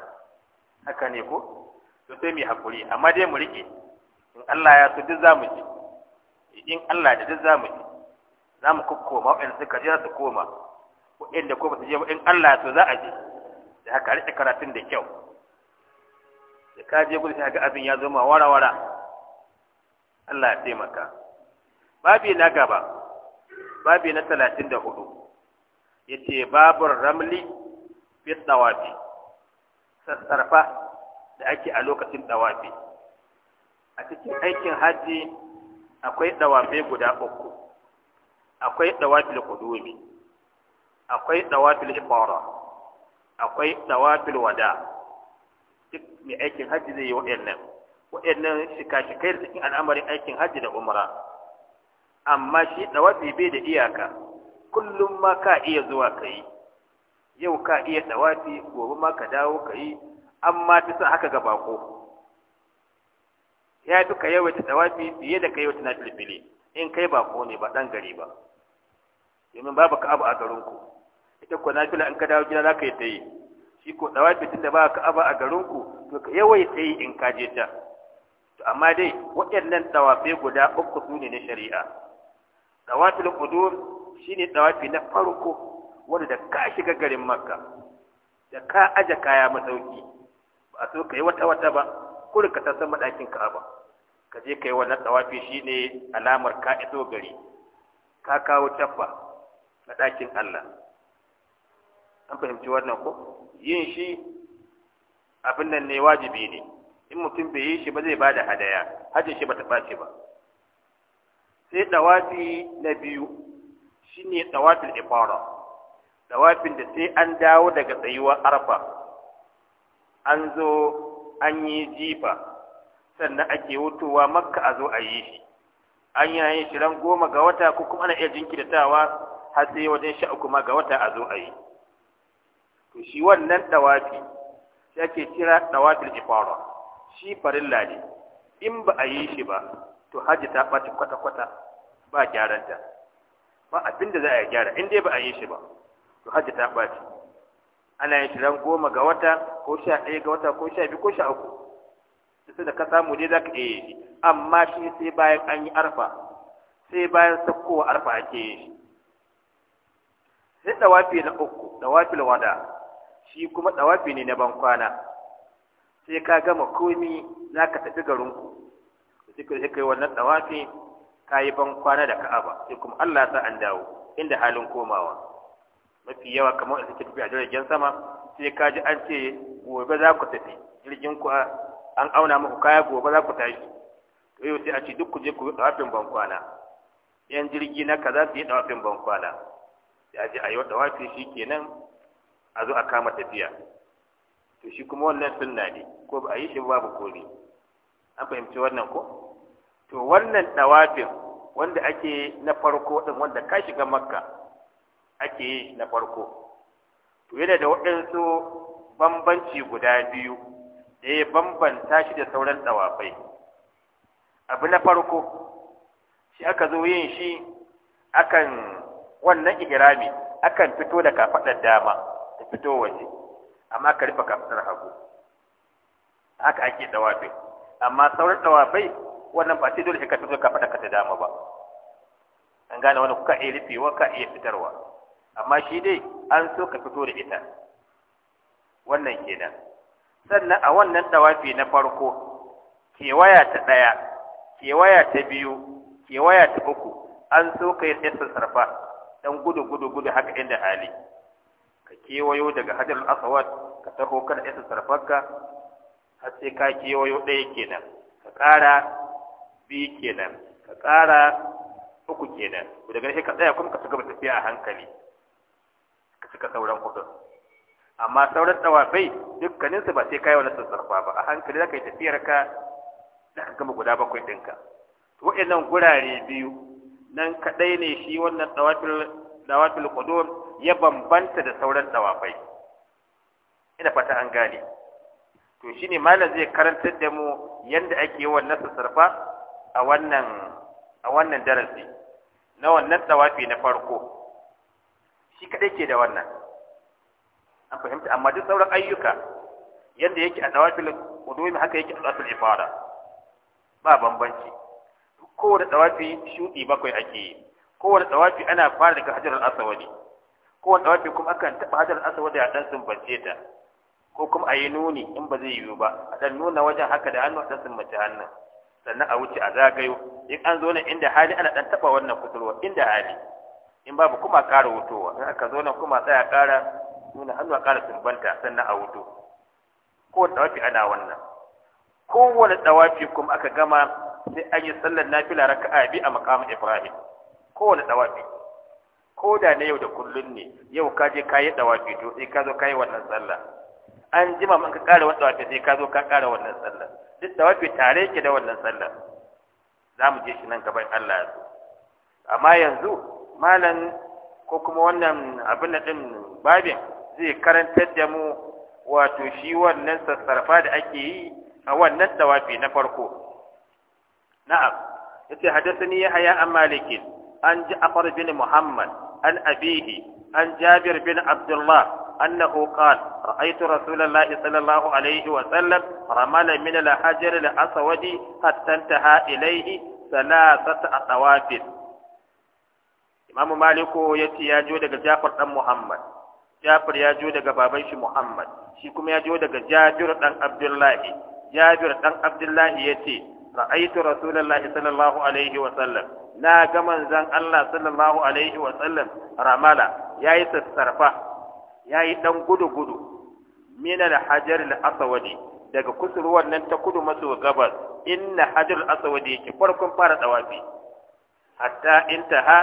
Speaker 1: haka ne ko to sai mu haƙuri amma dai mu riƙe in Allah ya so duk za mu ji in Allah da duk za mu ji za mu kokkoma waɗanda suka je za su koma waɗanda ko ba su je ba in Allah ya so za a je da haka riƙe karatun da kyau da ka je gudu sai ga abin ya zama wara-wara Allah ya taimaka babi na gaba babi na talatin da hudu ya ce babin ramli fi tsawafi sassarfa da ake a lokacin tsawafi a cikin aikin hajji akwai tsawafi guda uku akwai da kudumi akwai da ifara akwai da wada duk mai aikin hajji zai yi waɗannan waɗannan shika-shikai da cikin al'amarin aikin hajji da umara amma shi ɗawafi bai da iyaka kullum ma ka iya zuwa ka yi yau ka iya ɗawafi gobe ma ka dawo ka yi amma ta sa haka ga bako ya duka yawaita ɗawafi fiye da ka yawaita na filfili in kai bako ne ba ɗan gari ba domin babu abu a garinku ita ko na fila in ka dawo gida za ka yi ta yi shi ko ɗawafi tun da ba abu a garinku to ka yawaita yi in ka je ta to amma dai waɗannan ɗawafe guda uku su ne na shari'a dawafil qudur shine dawafi na farko wanda da ka shiga garin makka da ka aje kaya masauki ba a so ka yi wata wata ba kurin ka san madakin ka'aba ka je ka yi wannan dawafi shine alamar ka iso gari ka kawo tabba na ɗakin Allah an fahimci wannan ko yin shi abin nan ne wajibi ne in mutum bai yi shi ba zai bada hadaya hajjin shi bata ɓace ba sai dawafi na biyu shine dawafin ifara dawafin da sai an dawo daga tsayuwar arfa an zo an yi jifa sannan ake wutowa makka a zo a yi shi an yayi shi ran goma ga wata ko kuma ana iya jinkirtawa har sai wajen sha kuma ga wata a zo a yi to shi wannan dawafi shi ake kira dawafil ifara shi farilla ne in ba a yi shi ba to haji ta ɓaci kwata-kwata ba ta. ba abin da za a gyara in dai ba a yi shi ba to haji ta ɓaci ana yin shirin goma ga wata ko sha ɗaya ga wata ko sha biyu ko sha uku sai da ka samu ne za ka iya yi amma shi sai bayan an yi arfa sai bayan saukowa arfa ake yi shi sai ɗawafi na uku ɗawafi wada shi kuma ɗawafi ne na bankwana sai ka gama komi za ka tafi garinku sai kai wannan tawafi kayi ban kwana da Ka'aba sai kuma Allah sa an dawo inda halin komawa mafi yawa kamar da suke a jiragen sama sai ka ji an ce gobe za ku tafi jirgin ku an auna muku kaya gobe za ku tashi to yau sai a ce duk ku je ku yi tawafin ban kwana yan jirgi na kaza su yi tawafin ban kwana sai a ce a yi wa tawafi kenan a zo a kama tafiya to shi kuma wannan sunna ne ko ba a yi shi babu kori. an fahimci wannan ko to wannan dawafin wanda ake na farko din wanda ka shiga makka ake na farko to yana da waɗansu bambanci guda biyu da ya bambanta shi da sauran dawafai abu na farko shi aka zo yin shi akan wannan ihrami akan fito da kafaɗar dama ta fito waje amma ka rufe kafaɗar hagu haka ake dawafin amma sauran tawafai wannan ba sai dole sai ka fito ka fada ka ta dama ba an gane wani kuka iya rufewa ka iya fitarwa amma shi dai an so ka fito da ita wannan kenan sannan a wannan tawafi na farko kewaya ta ɗaya kewaya ta biyu kewaya ta uku an so ka yi tsayin sarfa dan gudu gudu gudu haka inda hali ka kewayo daga hajar aswad ka taho kana isa sarfarka har sai ka kewayo ɗaya kenan ka ƙara biyu kenan ka ƙara uku kenan daga ka tsaya kuma ka cigaba tafiya a hankali ka cika sauran kuɗin amma sauran tsawafai dukkaninsu ba sai ka yi wani sassarfa ba a hankali za ka yi tafiyar ka da ka gama guda bakwai ɗinka wa'annan gurare biyu nan kaɗai ne shi wannan tawafil ƙudur ya bambanta da sauran tsawafai ina fata an gane to shine malam zai karantar da mu yanda ake yawan nasa sarfa a wannan a wannan darasi na wannan tsawafi na farko shi kadai ke da wannan an fahimta amma duk sauran ayyuka yanda yake a tawafil qudumi haka yake a tawafil fara. ba bambanci kowane tsawafi shuɗi bakwai ake yi kowane tsawafi ana fara daga hajar ne kowane tsawafi kuma akan taɓa hajar da ya ɗan sumbance ta ko kuma a yi nuni in ba zai yiwu ba a ɗan nuna wajen haka da hannu a ɗan sumbaci hannun sannan a wuce a zagayo in an zo nan inda hali ana ɗan taɓa wannan kusurwa inda hali in babu kuma ƙara wutowa in aka zo nan kuma tsaya ƙara nuna hannu a ƙara sumbanta sannan a wuto ko ɗawafi ana wannan kowane ɗawafi kuma aka gama sai an yi sallar nafila raka'a bi a makamin ibrahim kowane ɗawafi. ko da na yau da kullun ne yau ka je ka yi tawafi to sai ka zo ka yi wannan sallah an jima man ka ƙara wani tawafi sai ka zo ka ƙara wannan sallar. duk tawafi tare ke da wannan sallar. za mu je shi nan gaban Allah ya zo. amma yanzu malam ko kuma wannan abin din babin zai karantar da mu wato shi wannan sassarfa da ake yi a wannan tawafi na farko na'am yace hadathani yahya an malikin an ja'far bin muhammad an abihi an jabir bin abdullah أنه قال رأيت رسول الله صلى الله عليه وسلم رمل من الحجر الأسود حتى انتهى إليه ثلاثة أطواف إمام مالك يتي يجو دقى جعفر أم محمد جعفر يجو دقى بابنش محمد شيكم يجو دقى جابر أن عبد الله جابر أن عبد الله يتي رأيت رسول الله صلى الله عليه وسلم لا كمن زن الله صلى الله عليه وسلم رمل يا يتسرفه ya yi ɗan gudu-gudu minal hajar al’asawadi aswadi daga kusurwar nan ta kudu maso gabas inna hajar al’asawadi aswadi yake farkon fara tsawafi hatta ha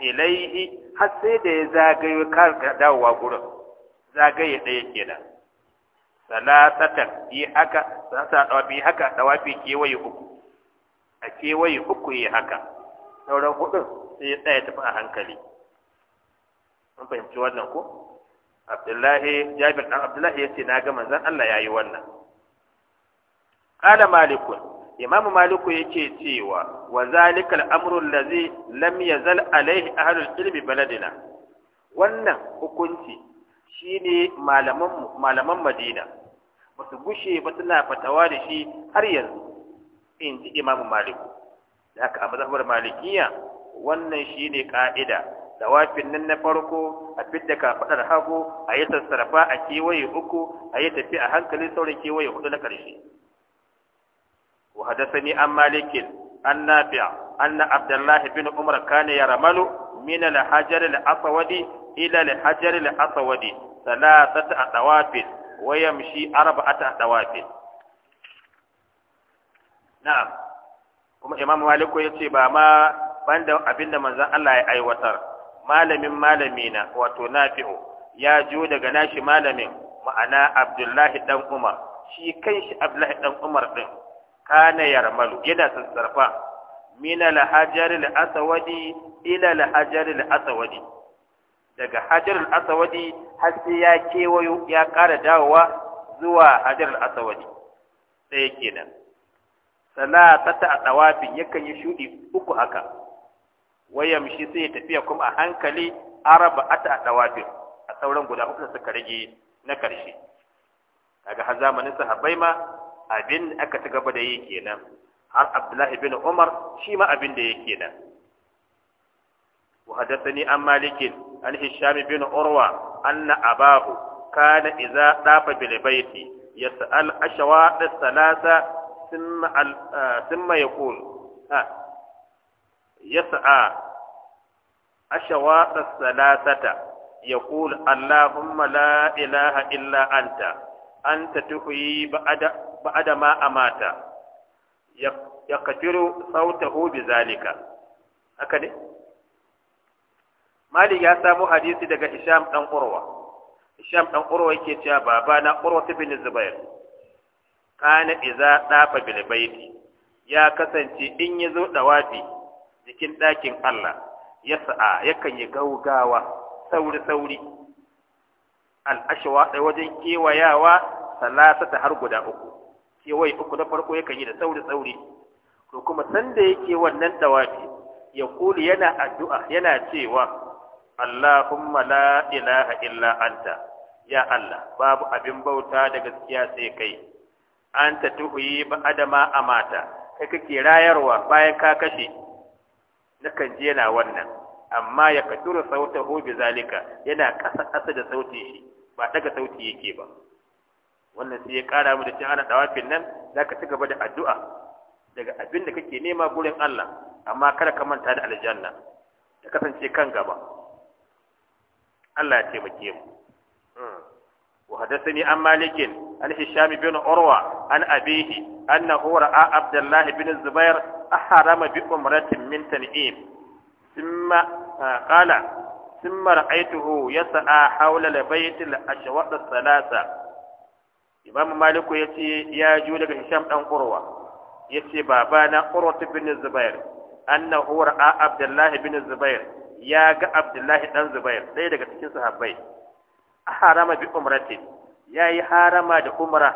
Speaker 1: ilaihi har sai da ya zagaye kar dawowa gurin zagaye ɗaya kenan salatatan yi haka sata dawafi haka tsawafi kewaye uku a kewaye uku yi haka sauran hudun sai ya tsaya tafi a hankali an fahimci wannan ko abdullahi jabir dan abdullahi yace na ga manzon Allah yayi wannan qala malikun imam maliku yake cewa wa zalikal amru allazi lam yazal alaihi ahlul ilmi baladina wannan hukunci shine malaman malaman madina ba su gushe ba suna fatawa da shi har yanzu in ji Imam maliku da haka a mazhabar malikiya wannan shine ka'ida dawafin nan na farko a fidda kafaɗar hagu a yi sassarfa a kewaye uku a yi tafi a hankalin saurin kewaye hudu na ƙarshe wa hadasani an malikin an nafi'a abdullahi bin umar kana yarmalu min al-hajar al-aswad ila al-hajar al-aswad thalathata dawafin wa yamshi arba'ata dawafin na'am kuma imam maliku ya ce ba ma abinda manzan Allah ya aiwatar malamin malamina wato nafi'u ya jo daga nashi malamin ma'ana abdullahi dan umar shi kan shi abdullahi dan umar din kana yarmalu yana sassarfa min al-hajar al-aswadi ila al-hajar daga hajar al-aswadi har sai ya kewayo ya ƙara dawowa zuwa hajar al-aswadi sai kenan salatata a tawafin yakan yi shudi uku haka wayamshi sai ya tafiya kuma a hankali araba ata a dawafin a sauran guda uku suka rage na karshe daga har zamanin sahabbai ma abin aka ci gaba da yi kenan har Abdullahi bin Umar shi ma abin da yake nan wa hadathani an malikin an hisham bin urwa anna abahu kana idza dafa bil baiti yas'al ashwaq as-salasa thumma thumma yaqul yas'a ashawada salasata yaqul allahumma la ilaha illa anta anta tuhyi ba'da ba'ada ma amata yakatiru sautahu zalika. haka ne malik ya samu hadisi daga isham dan urwa isham dan urwa yake cewa babana urwa bin zubair kana iza dafa bil baiti ya kasance in yazo dawafi jikin ɗakin Allah ya sa'a yakan yi gaugawa sauri-sauri al'ashawa ɗaya wajen kewayawa salasa ta har guda uku kewaye uku na farko yakan yi da sauri-sauri to kuma sanda yake wannan dawafi ya kuli yana addu'a yana cewa Allahumma la ilaha illa anta ya Allah babu abin bauta da gaskiya sai kai An anta tuhuyi ba adama mata. kai kake rayarwa bayan ka kashe nakan ji yana wannan amma ya katuru sautahu bi zalika yana kasa kasa da sautin shi ba daga sauti yake ba wannan sai ya kara mu da cin ana dawafin nan zaka ci gaba da addu'a daga abin da kake nema gurin Allah amma kada ka manta da aljanna ta kasance kan gaba Allah ya taimake mu وحدثني عن مالك عن هشام بن عروة عن أبيه أنه رأى عبد الله بن الزبير أحرم بأمرة من تنعيم ثم قال ثم رأيته يسعى حول البيت الأشواط الثلاثة إمام مالك يتي يا جولك هشام بن عروة يتي بابانا عروة بن الزبير أنه رأى عبد الله بن الزبير يا عبد الله بن الزبير ليه لك تكين صحابي harama bi umratin yayi harama da umra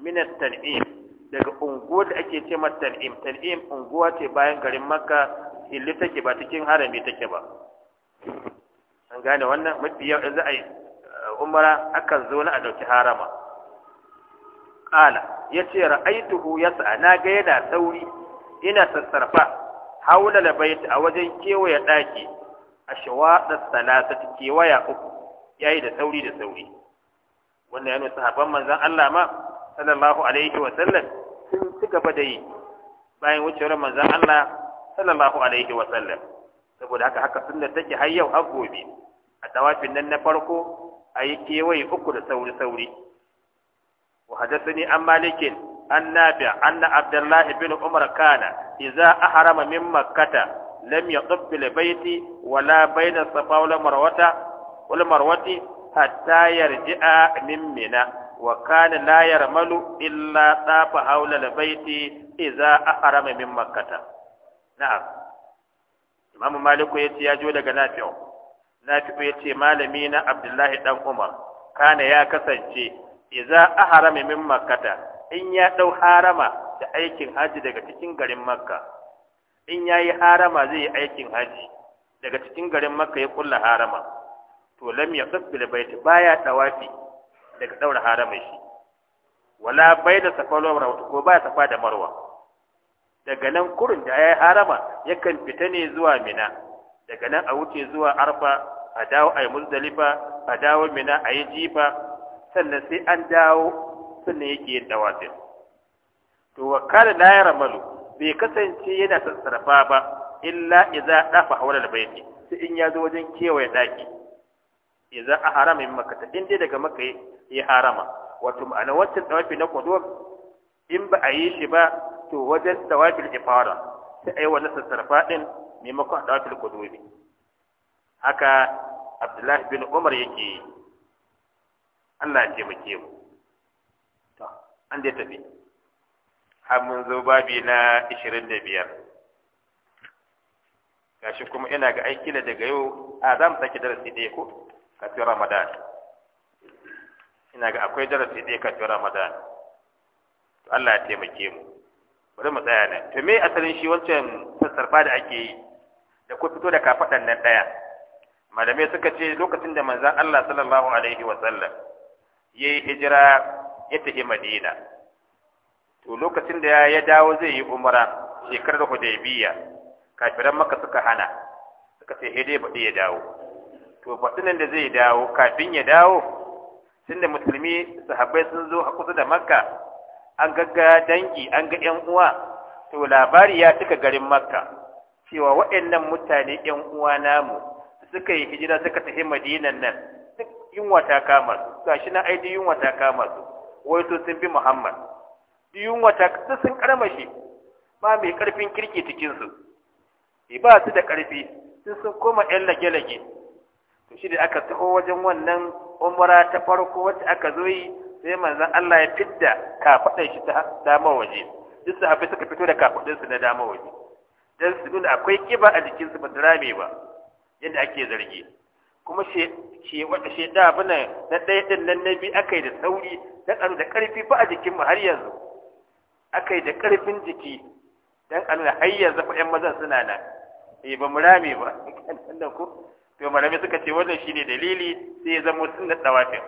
Speaker 1: min at-tan'im daga unguwa da ake ce mata tan'im tan'im unguwa ce bayan garin makka hilli take ba cikin harami take ba an gane wannan mafi yau za a yi uh, umara akan zo na a ɗauki harama ƙala ya ce ra'aituhu ya sa na ga yana sauri ina sassarfa haula labaita a wajen kewaye ɗaki a da salasa kewaya uku Ya yi da sauri da sauri wannan ya nuna sahabban manzan Allah ma sallallahu alaihi wa sallam sun ci gaba da yi bayan wucewar manzan Allah sallallahu alaihi wa sallam saboda haka haka sunna take har yau har gobe a tawafin nan na farko ayi kewaye uku da sauri sauri wa hadathani an malikin an nabi anna abdullahi bin umar kana idza ahrama min makkata, lam yaqbil baiti wala bayna safa wal marwa wal marwati hatta yarji'a min mina wa kana la yarmalu illa tafa hawla al baiti idza ahrama min makkata na'am imamu maliku yace ya jo daga nafi'u nafi'u yace malami na abdullahi dan umar kana ya kasance idza ahrama min makkata in ya dau harama da aikin haji daga cikin garin makka in ya yi harama zai yi aikin haji daga cikin garin makka ya ƙulla harama to lam yaqif bil baya tawafi daga daura haramin shi wala baida safalo wal marwa ko baya safa da marwa daga nan kurin da ya harama yakan fita ne zuwa mina daga nan a wuce zuwa arfa a dawo a muzdalifa a dawo mina ayi jifa sannan sai an dawo sannan yake yin tawafin. to wa kana la yarmalu bai kasance yana sassarfa ba illa idza dafa hawala baiti sai in ya zo wajen kewaye daki idan a haramin makata in dai daga maka ya harama wato ma'ana wancan tawafi na kudur in ba a yi shi ba to wajen da ifara sai a yi wannan sassarfa din maimakon tawafil ne haka abdullahi bin umar yake yi Allah ya taimake mu to an dai tafi har mun zo babi na biyar. gashi kuma ina ga aiki da daga yau a za mu sake darasi ɗaya ko kafin ramadan ina ga akwai darasi ɗaya kafin ramadan to Allah ya taimake mu bari mu tsaya nan to me asalin shi wancan sassarfa da ake yi da ku fito da kafaɗan nan ɗaya malamai suka ce lokacin da manzan Allah sallallahu alaihi wa sallam ya yi hijira ya tafi madina to lokacin da ya dawo zai yi umara shekarar hudaybiya kafiran maka suka hana suka ce hede baɗi ya dawo to baɗinin da zai dawo kafin ya dawo tunda musulmi sahabbai sun zo a kusa da makka an gagga dangi an ga yan uwa to labari ya cika garin makka cewa waɗannan mutane yan uwa namu suka yi hijira suka tafi madinan nan duk yunwa ta kama su gashi na aidi yunwa ta kama su wai to sun bi muhammad yunwa ta sun karmashi ba mai karfin kirki cikinsu ba su da karfi sun sun koma yan lage-lage to shi da aka taho wajen wannan umura ta farko wacce aka zo yi sai manzon Allah ya fidda kafaɗan shi ta dama waje duk sahabbai suka fito da kafaɗin su na dama waje dan su nuna akwai kiba a jikin su ba rame ba yadda ake zargi kuma she she wata she da bana na ɗaya din nan na bi akai da sauri da an da ƙarfi ba a jikin mu har yanzu akai da ƙarfin jiki dan Allah har yanzu fa ƴan mazan suna nan eh ba mu rame ba to malamai suka ce wannan shine dalili sai ya zama sunnat dawafin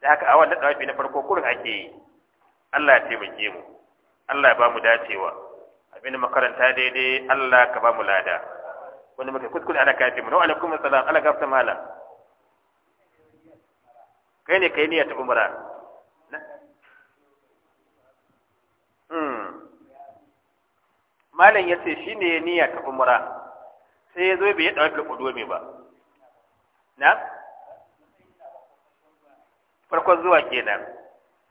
Speaker 1: da haka a wannan dawafi na farko kurin ake yi Allah ya taimake mu Allah ya ba mu dacewa abin da makaranta daidai Allah ka ba mu lada wanda muka kuskure ana kafi mu wa alaikum assalam Allah ka fata mala kai ne kai niyya ta umra hmm. malam ya ce shi ne niyya ta umra sai ya zo bai yi ɗawafi ƙudomi ba na farkon zuwa kenan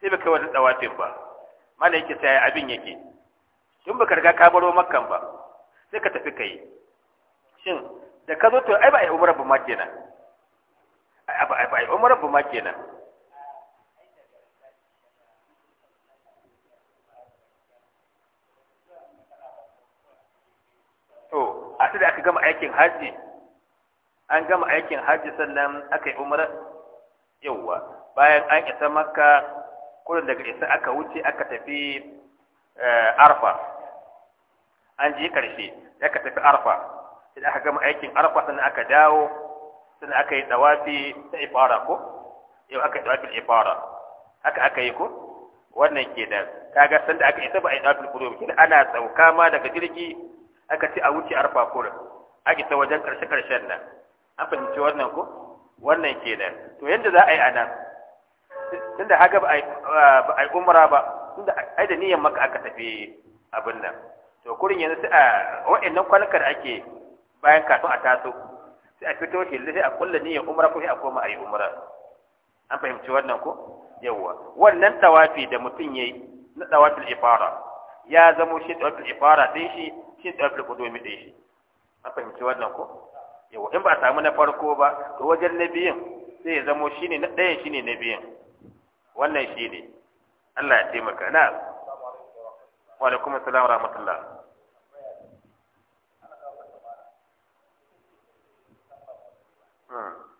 Speaker 1: sai baka wani tsawafin ba mana yake sai abin yake tun baka riga ka baro makkan ba sai ka tafi kai shin da ka zo to ai ba ai umrar ba ma kenan ai ba ai umrar ba ma kenan to a sai da aka gama aikin haji an gama aikin hajji sannan aka yi umar yawwa bayan an isa makka kudin daga isa aka wuce aka tafi eh, arfa an je karshe ka tafi arfa idan aka gama aikin arfa sannan aka dawo sannan aka yi tsawafi ta ifara ko yau aka yi tsawafin ifara haka aka yi ko wannan ke da. kaga sanda aka isa ba a yi tsawafin kudu ba ana sauka ma daga jirgi aka ce a wuce arfa kudin aka ta wajen karshe-karshen nan an fahimci wannan ko wannan kenan to yadda za a yi a nan tunda haka ba a yi umra ba tunda ai da niyyar maka aka tafi abin nan to kurin yanzu sai a wa'annan kwanukan ake bayan kafin a taso sai a fito ke sai a kulla niyyar umra ko sai a koma a yi umra an fahimci wannan ko yawwa wannan tawafi da mutum yayi na tawafil ifara ya zamo shi tawafil ifara din shi shi tawafil qudumi din shi an fahimci wannan ko yawa in ba a samu na farko ba to wajen na biyun sai ya zamo shi ne na ɗayan ne na biyun wannan shi ne. Allah ya taimaka na wani kuma salamu wa rahmatullah hmm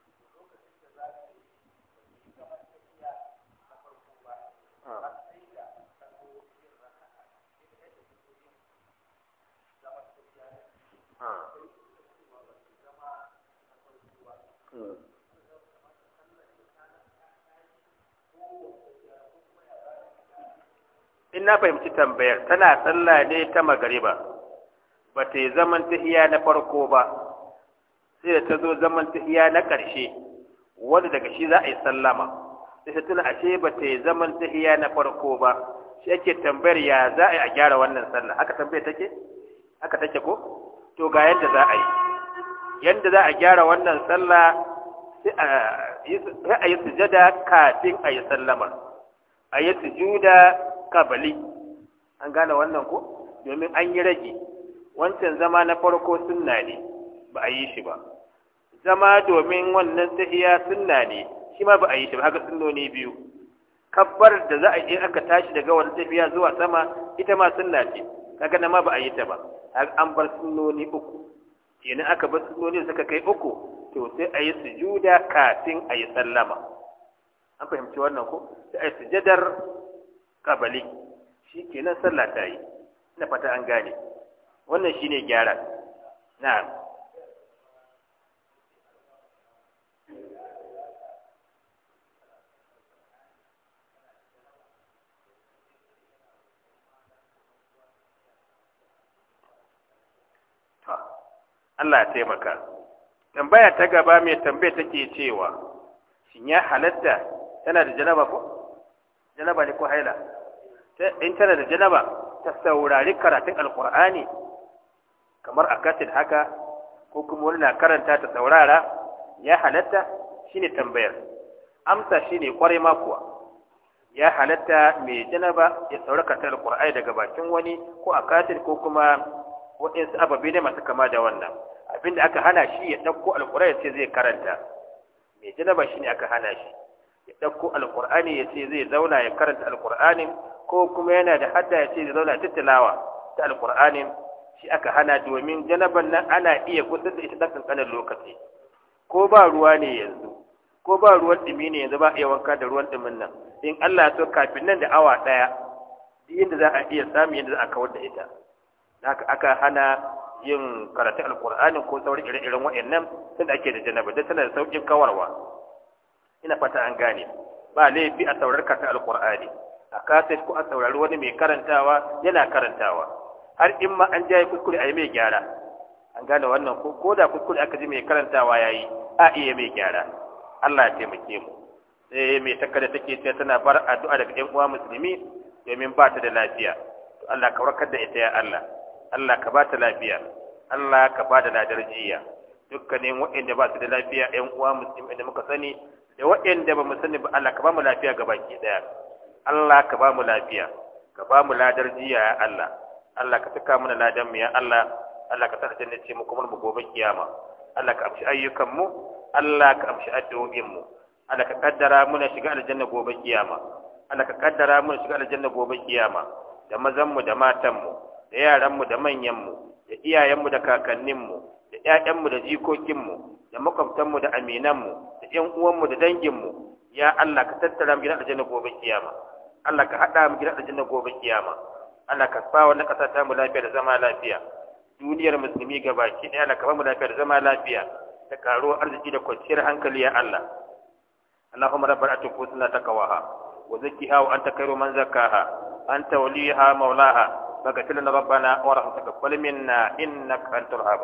Speaker 1: in na fahimci tambayar tana sallah ne ta magariba ba ta yi zaman tahiya na farko ba sai da ta zo zaman tahiya na ƙarshe wanda daga shi za a yi sallama sai ta tuna ashe ba ta yi zaman tahiya na farko ba shi ake tambayar ya za a yi a gyara wannan sallah haka tambayar take haka take ko to ga yadda za a yi yadda za a gyara wannan sallah sai a yi sujada kafin a yi sallama a yi sujuda qabli an gane wannan ko domin an yi rage wancan zama na farko sunna ne ba a yi shi ba zama domin wannan tahiya sunna ne shi ma ba a yi shi ba haka sunnoni biyu kabbar da za a yi aka tashi daga wannan tafiya zuwa sama ita ma sunna ce kaga na ma ba a yi ta ba an bar sunnoni uku kenan aka bar sunnoni suka kai uku to sai a yi sujuda kafin a yi sallama an fahimci wannan ko sai a yi sujadar kabali shi kenan sallah ta yi ina fata an gane wannan ne gyara na Allah ya taimaka. Tambaya ta gaba mai tambaya take cewa, shin ya halatta yana da janaba ko? Janaba ne ko haila? in tana da janaba ta saurari karatun alkur'ani kamar a katin haka ko kuma wani na karanta ta saurara ya halatta shine tambayar amsa shine kwarai ma kuwa ya halatta mai janaba ya saurari karatun alkur'ani daga bakin wani ko a katin ko kuma waɗansu ababe ne masu kama da wannan abinda aka hana shi ya ɗauko alkur'ani sai zai karanta mai janaba shine aka hana shi ya ɗauko alƙur'ani ya ce zai zauna ya karanta Alƙur'ani, ko kuma yana da hadda ya ce zai zauna ta ta Alƙur'ani, shi aka hana domin janaban nan ana iya gudun da ita ɗan ƙanƙanin lokaci ko ba ruwa ne yanzu ko ba ruwan ɗumi ne yanzu ba a iya wanka da ruwan ɗumin nan in Allah so kafin nan da awa ɗaya yadda za a iya samu yadda za a kawar da ita haka aka hana yin karatu Alƙur'ani ko sauran ire-iren wa'annan tunda ake da janaba don tana da sauƙin kawarwa ina fata an gane ba laifi a saurar karatun alkur'ani a kaset ko a saurari wani mai karantawa yana karantawa har in ma an jaye kuskure a yi mai gyara an gane wannan ko ko da kuskure aka ji mai karantawa ya yi a iya mai gyara Allah ya taimake mu sai eh, mai takarda take ce tana bar addu'a daga 'yan uwa musulmi domin ba ta da lafiya to Allah ka warkar da ita ya Allah Allah ka ba ta lafiya Allah ka ba da ladarjiya dukkanin waɗanda ba su da lafiya 'yan uwa musulmi da muka sani da waɗanda ba mu sani ba Allah ka ba mu lafiya ga baki ɗaya Allah ka ba mu lafiya ka ba mu ladar jiya ya Allah Allah ka saka mana ladan mu ya Allah Allah ka sa jannace mu kuma mu gobe kiyama Allah ka amshi ayyukan mu Allah ka amshi addu'o'in mu Allah ka kaddara muna shiga aljanna gobe kiyama Allah ka kaddara muna shiga aljanna gobe kiyama da mazan mu da matan mu da yaran mu da manyan mu da iyayen mu da kakannin mu da ƴaƴan mu da jikokin mu da makwabtan mu da aminan mu da ƴan uwanmu da danginmu ya Allah ka tattara mu gidan aljanna gobe kiyama Allah ka haɗa mu gidan aljanna gobe kiyama Allah ka sa wannan ƙasa ta mu lafiya da zama lafiya duniyar musulmi gabaki ɗaya Allah ka ba mu lafiya da zama lafiya da karuwar arziki da kwanciyar hankali ya Allah اللهم رب العالمين حسنا تقواها وزكها وانت خير من زكاها انت وليها مولاها فاغفر لنا ربنا ورحمتك قل منا انك انت الوهاب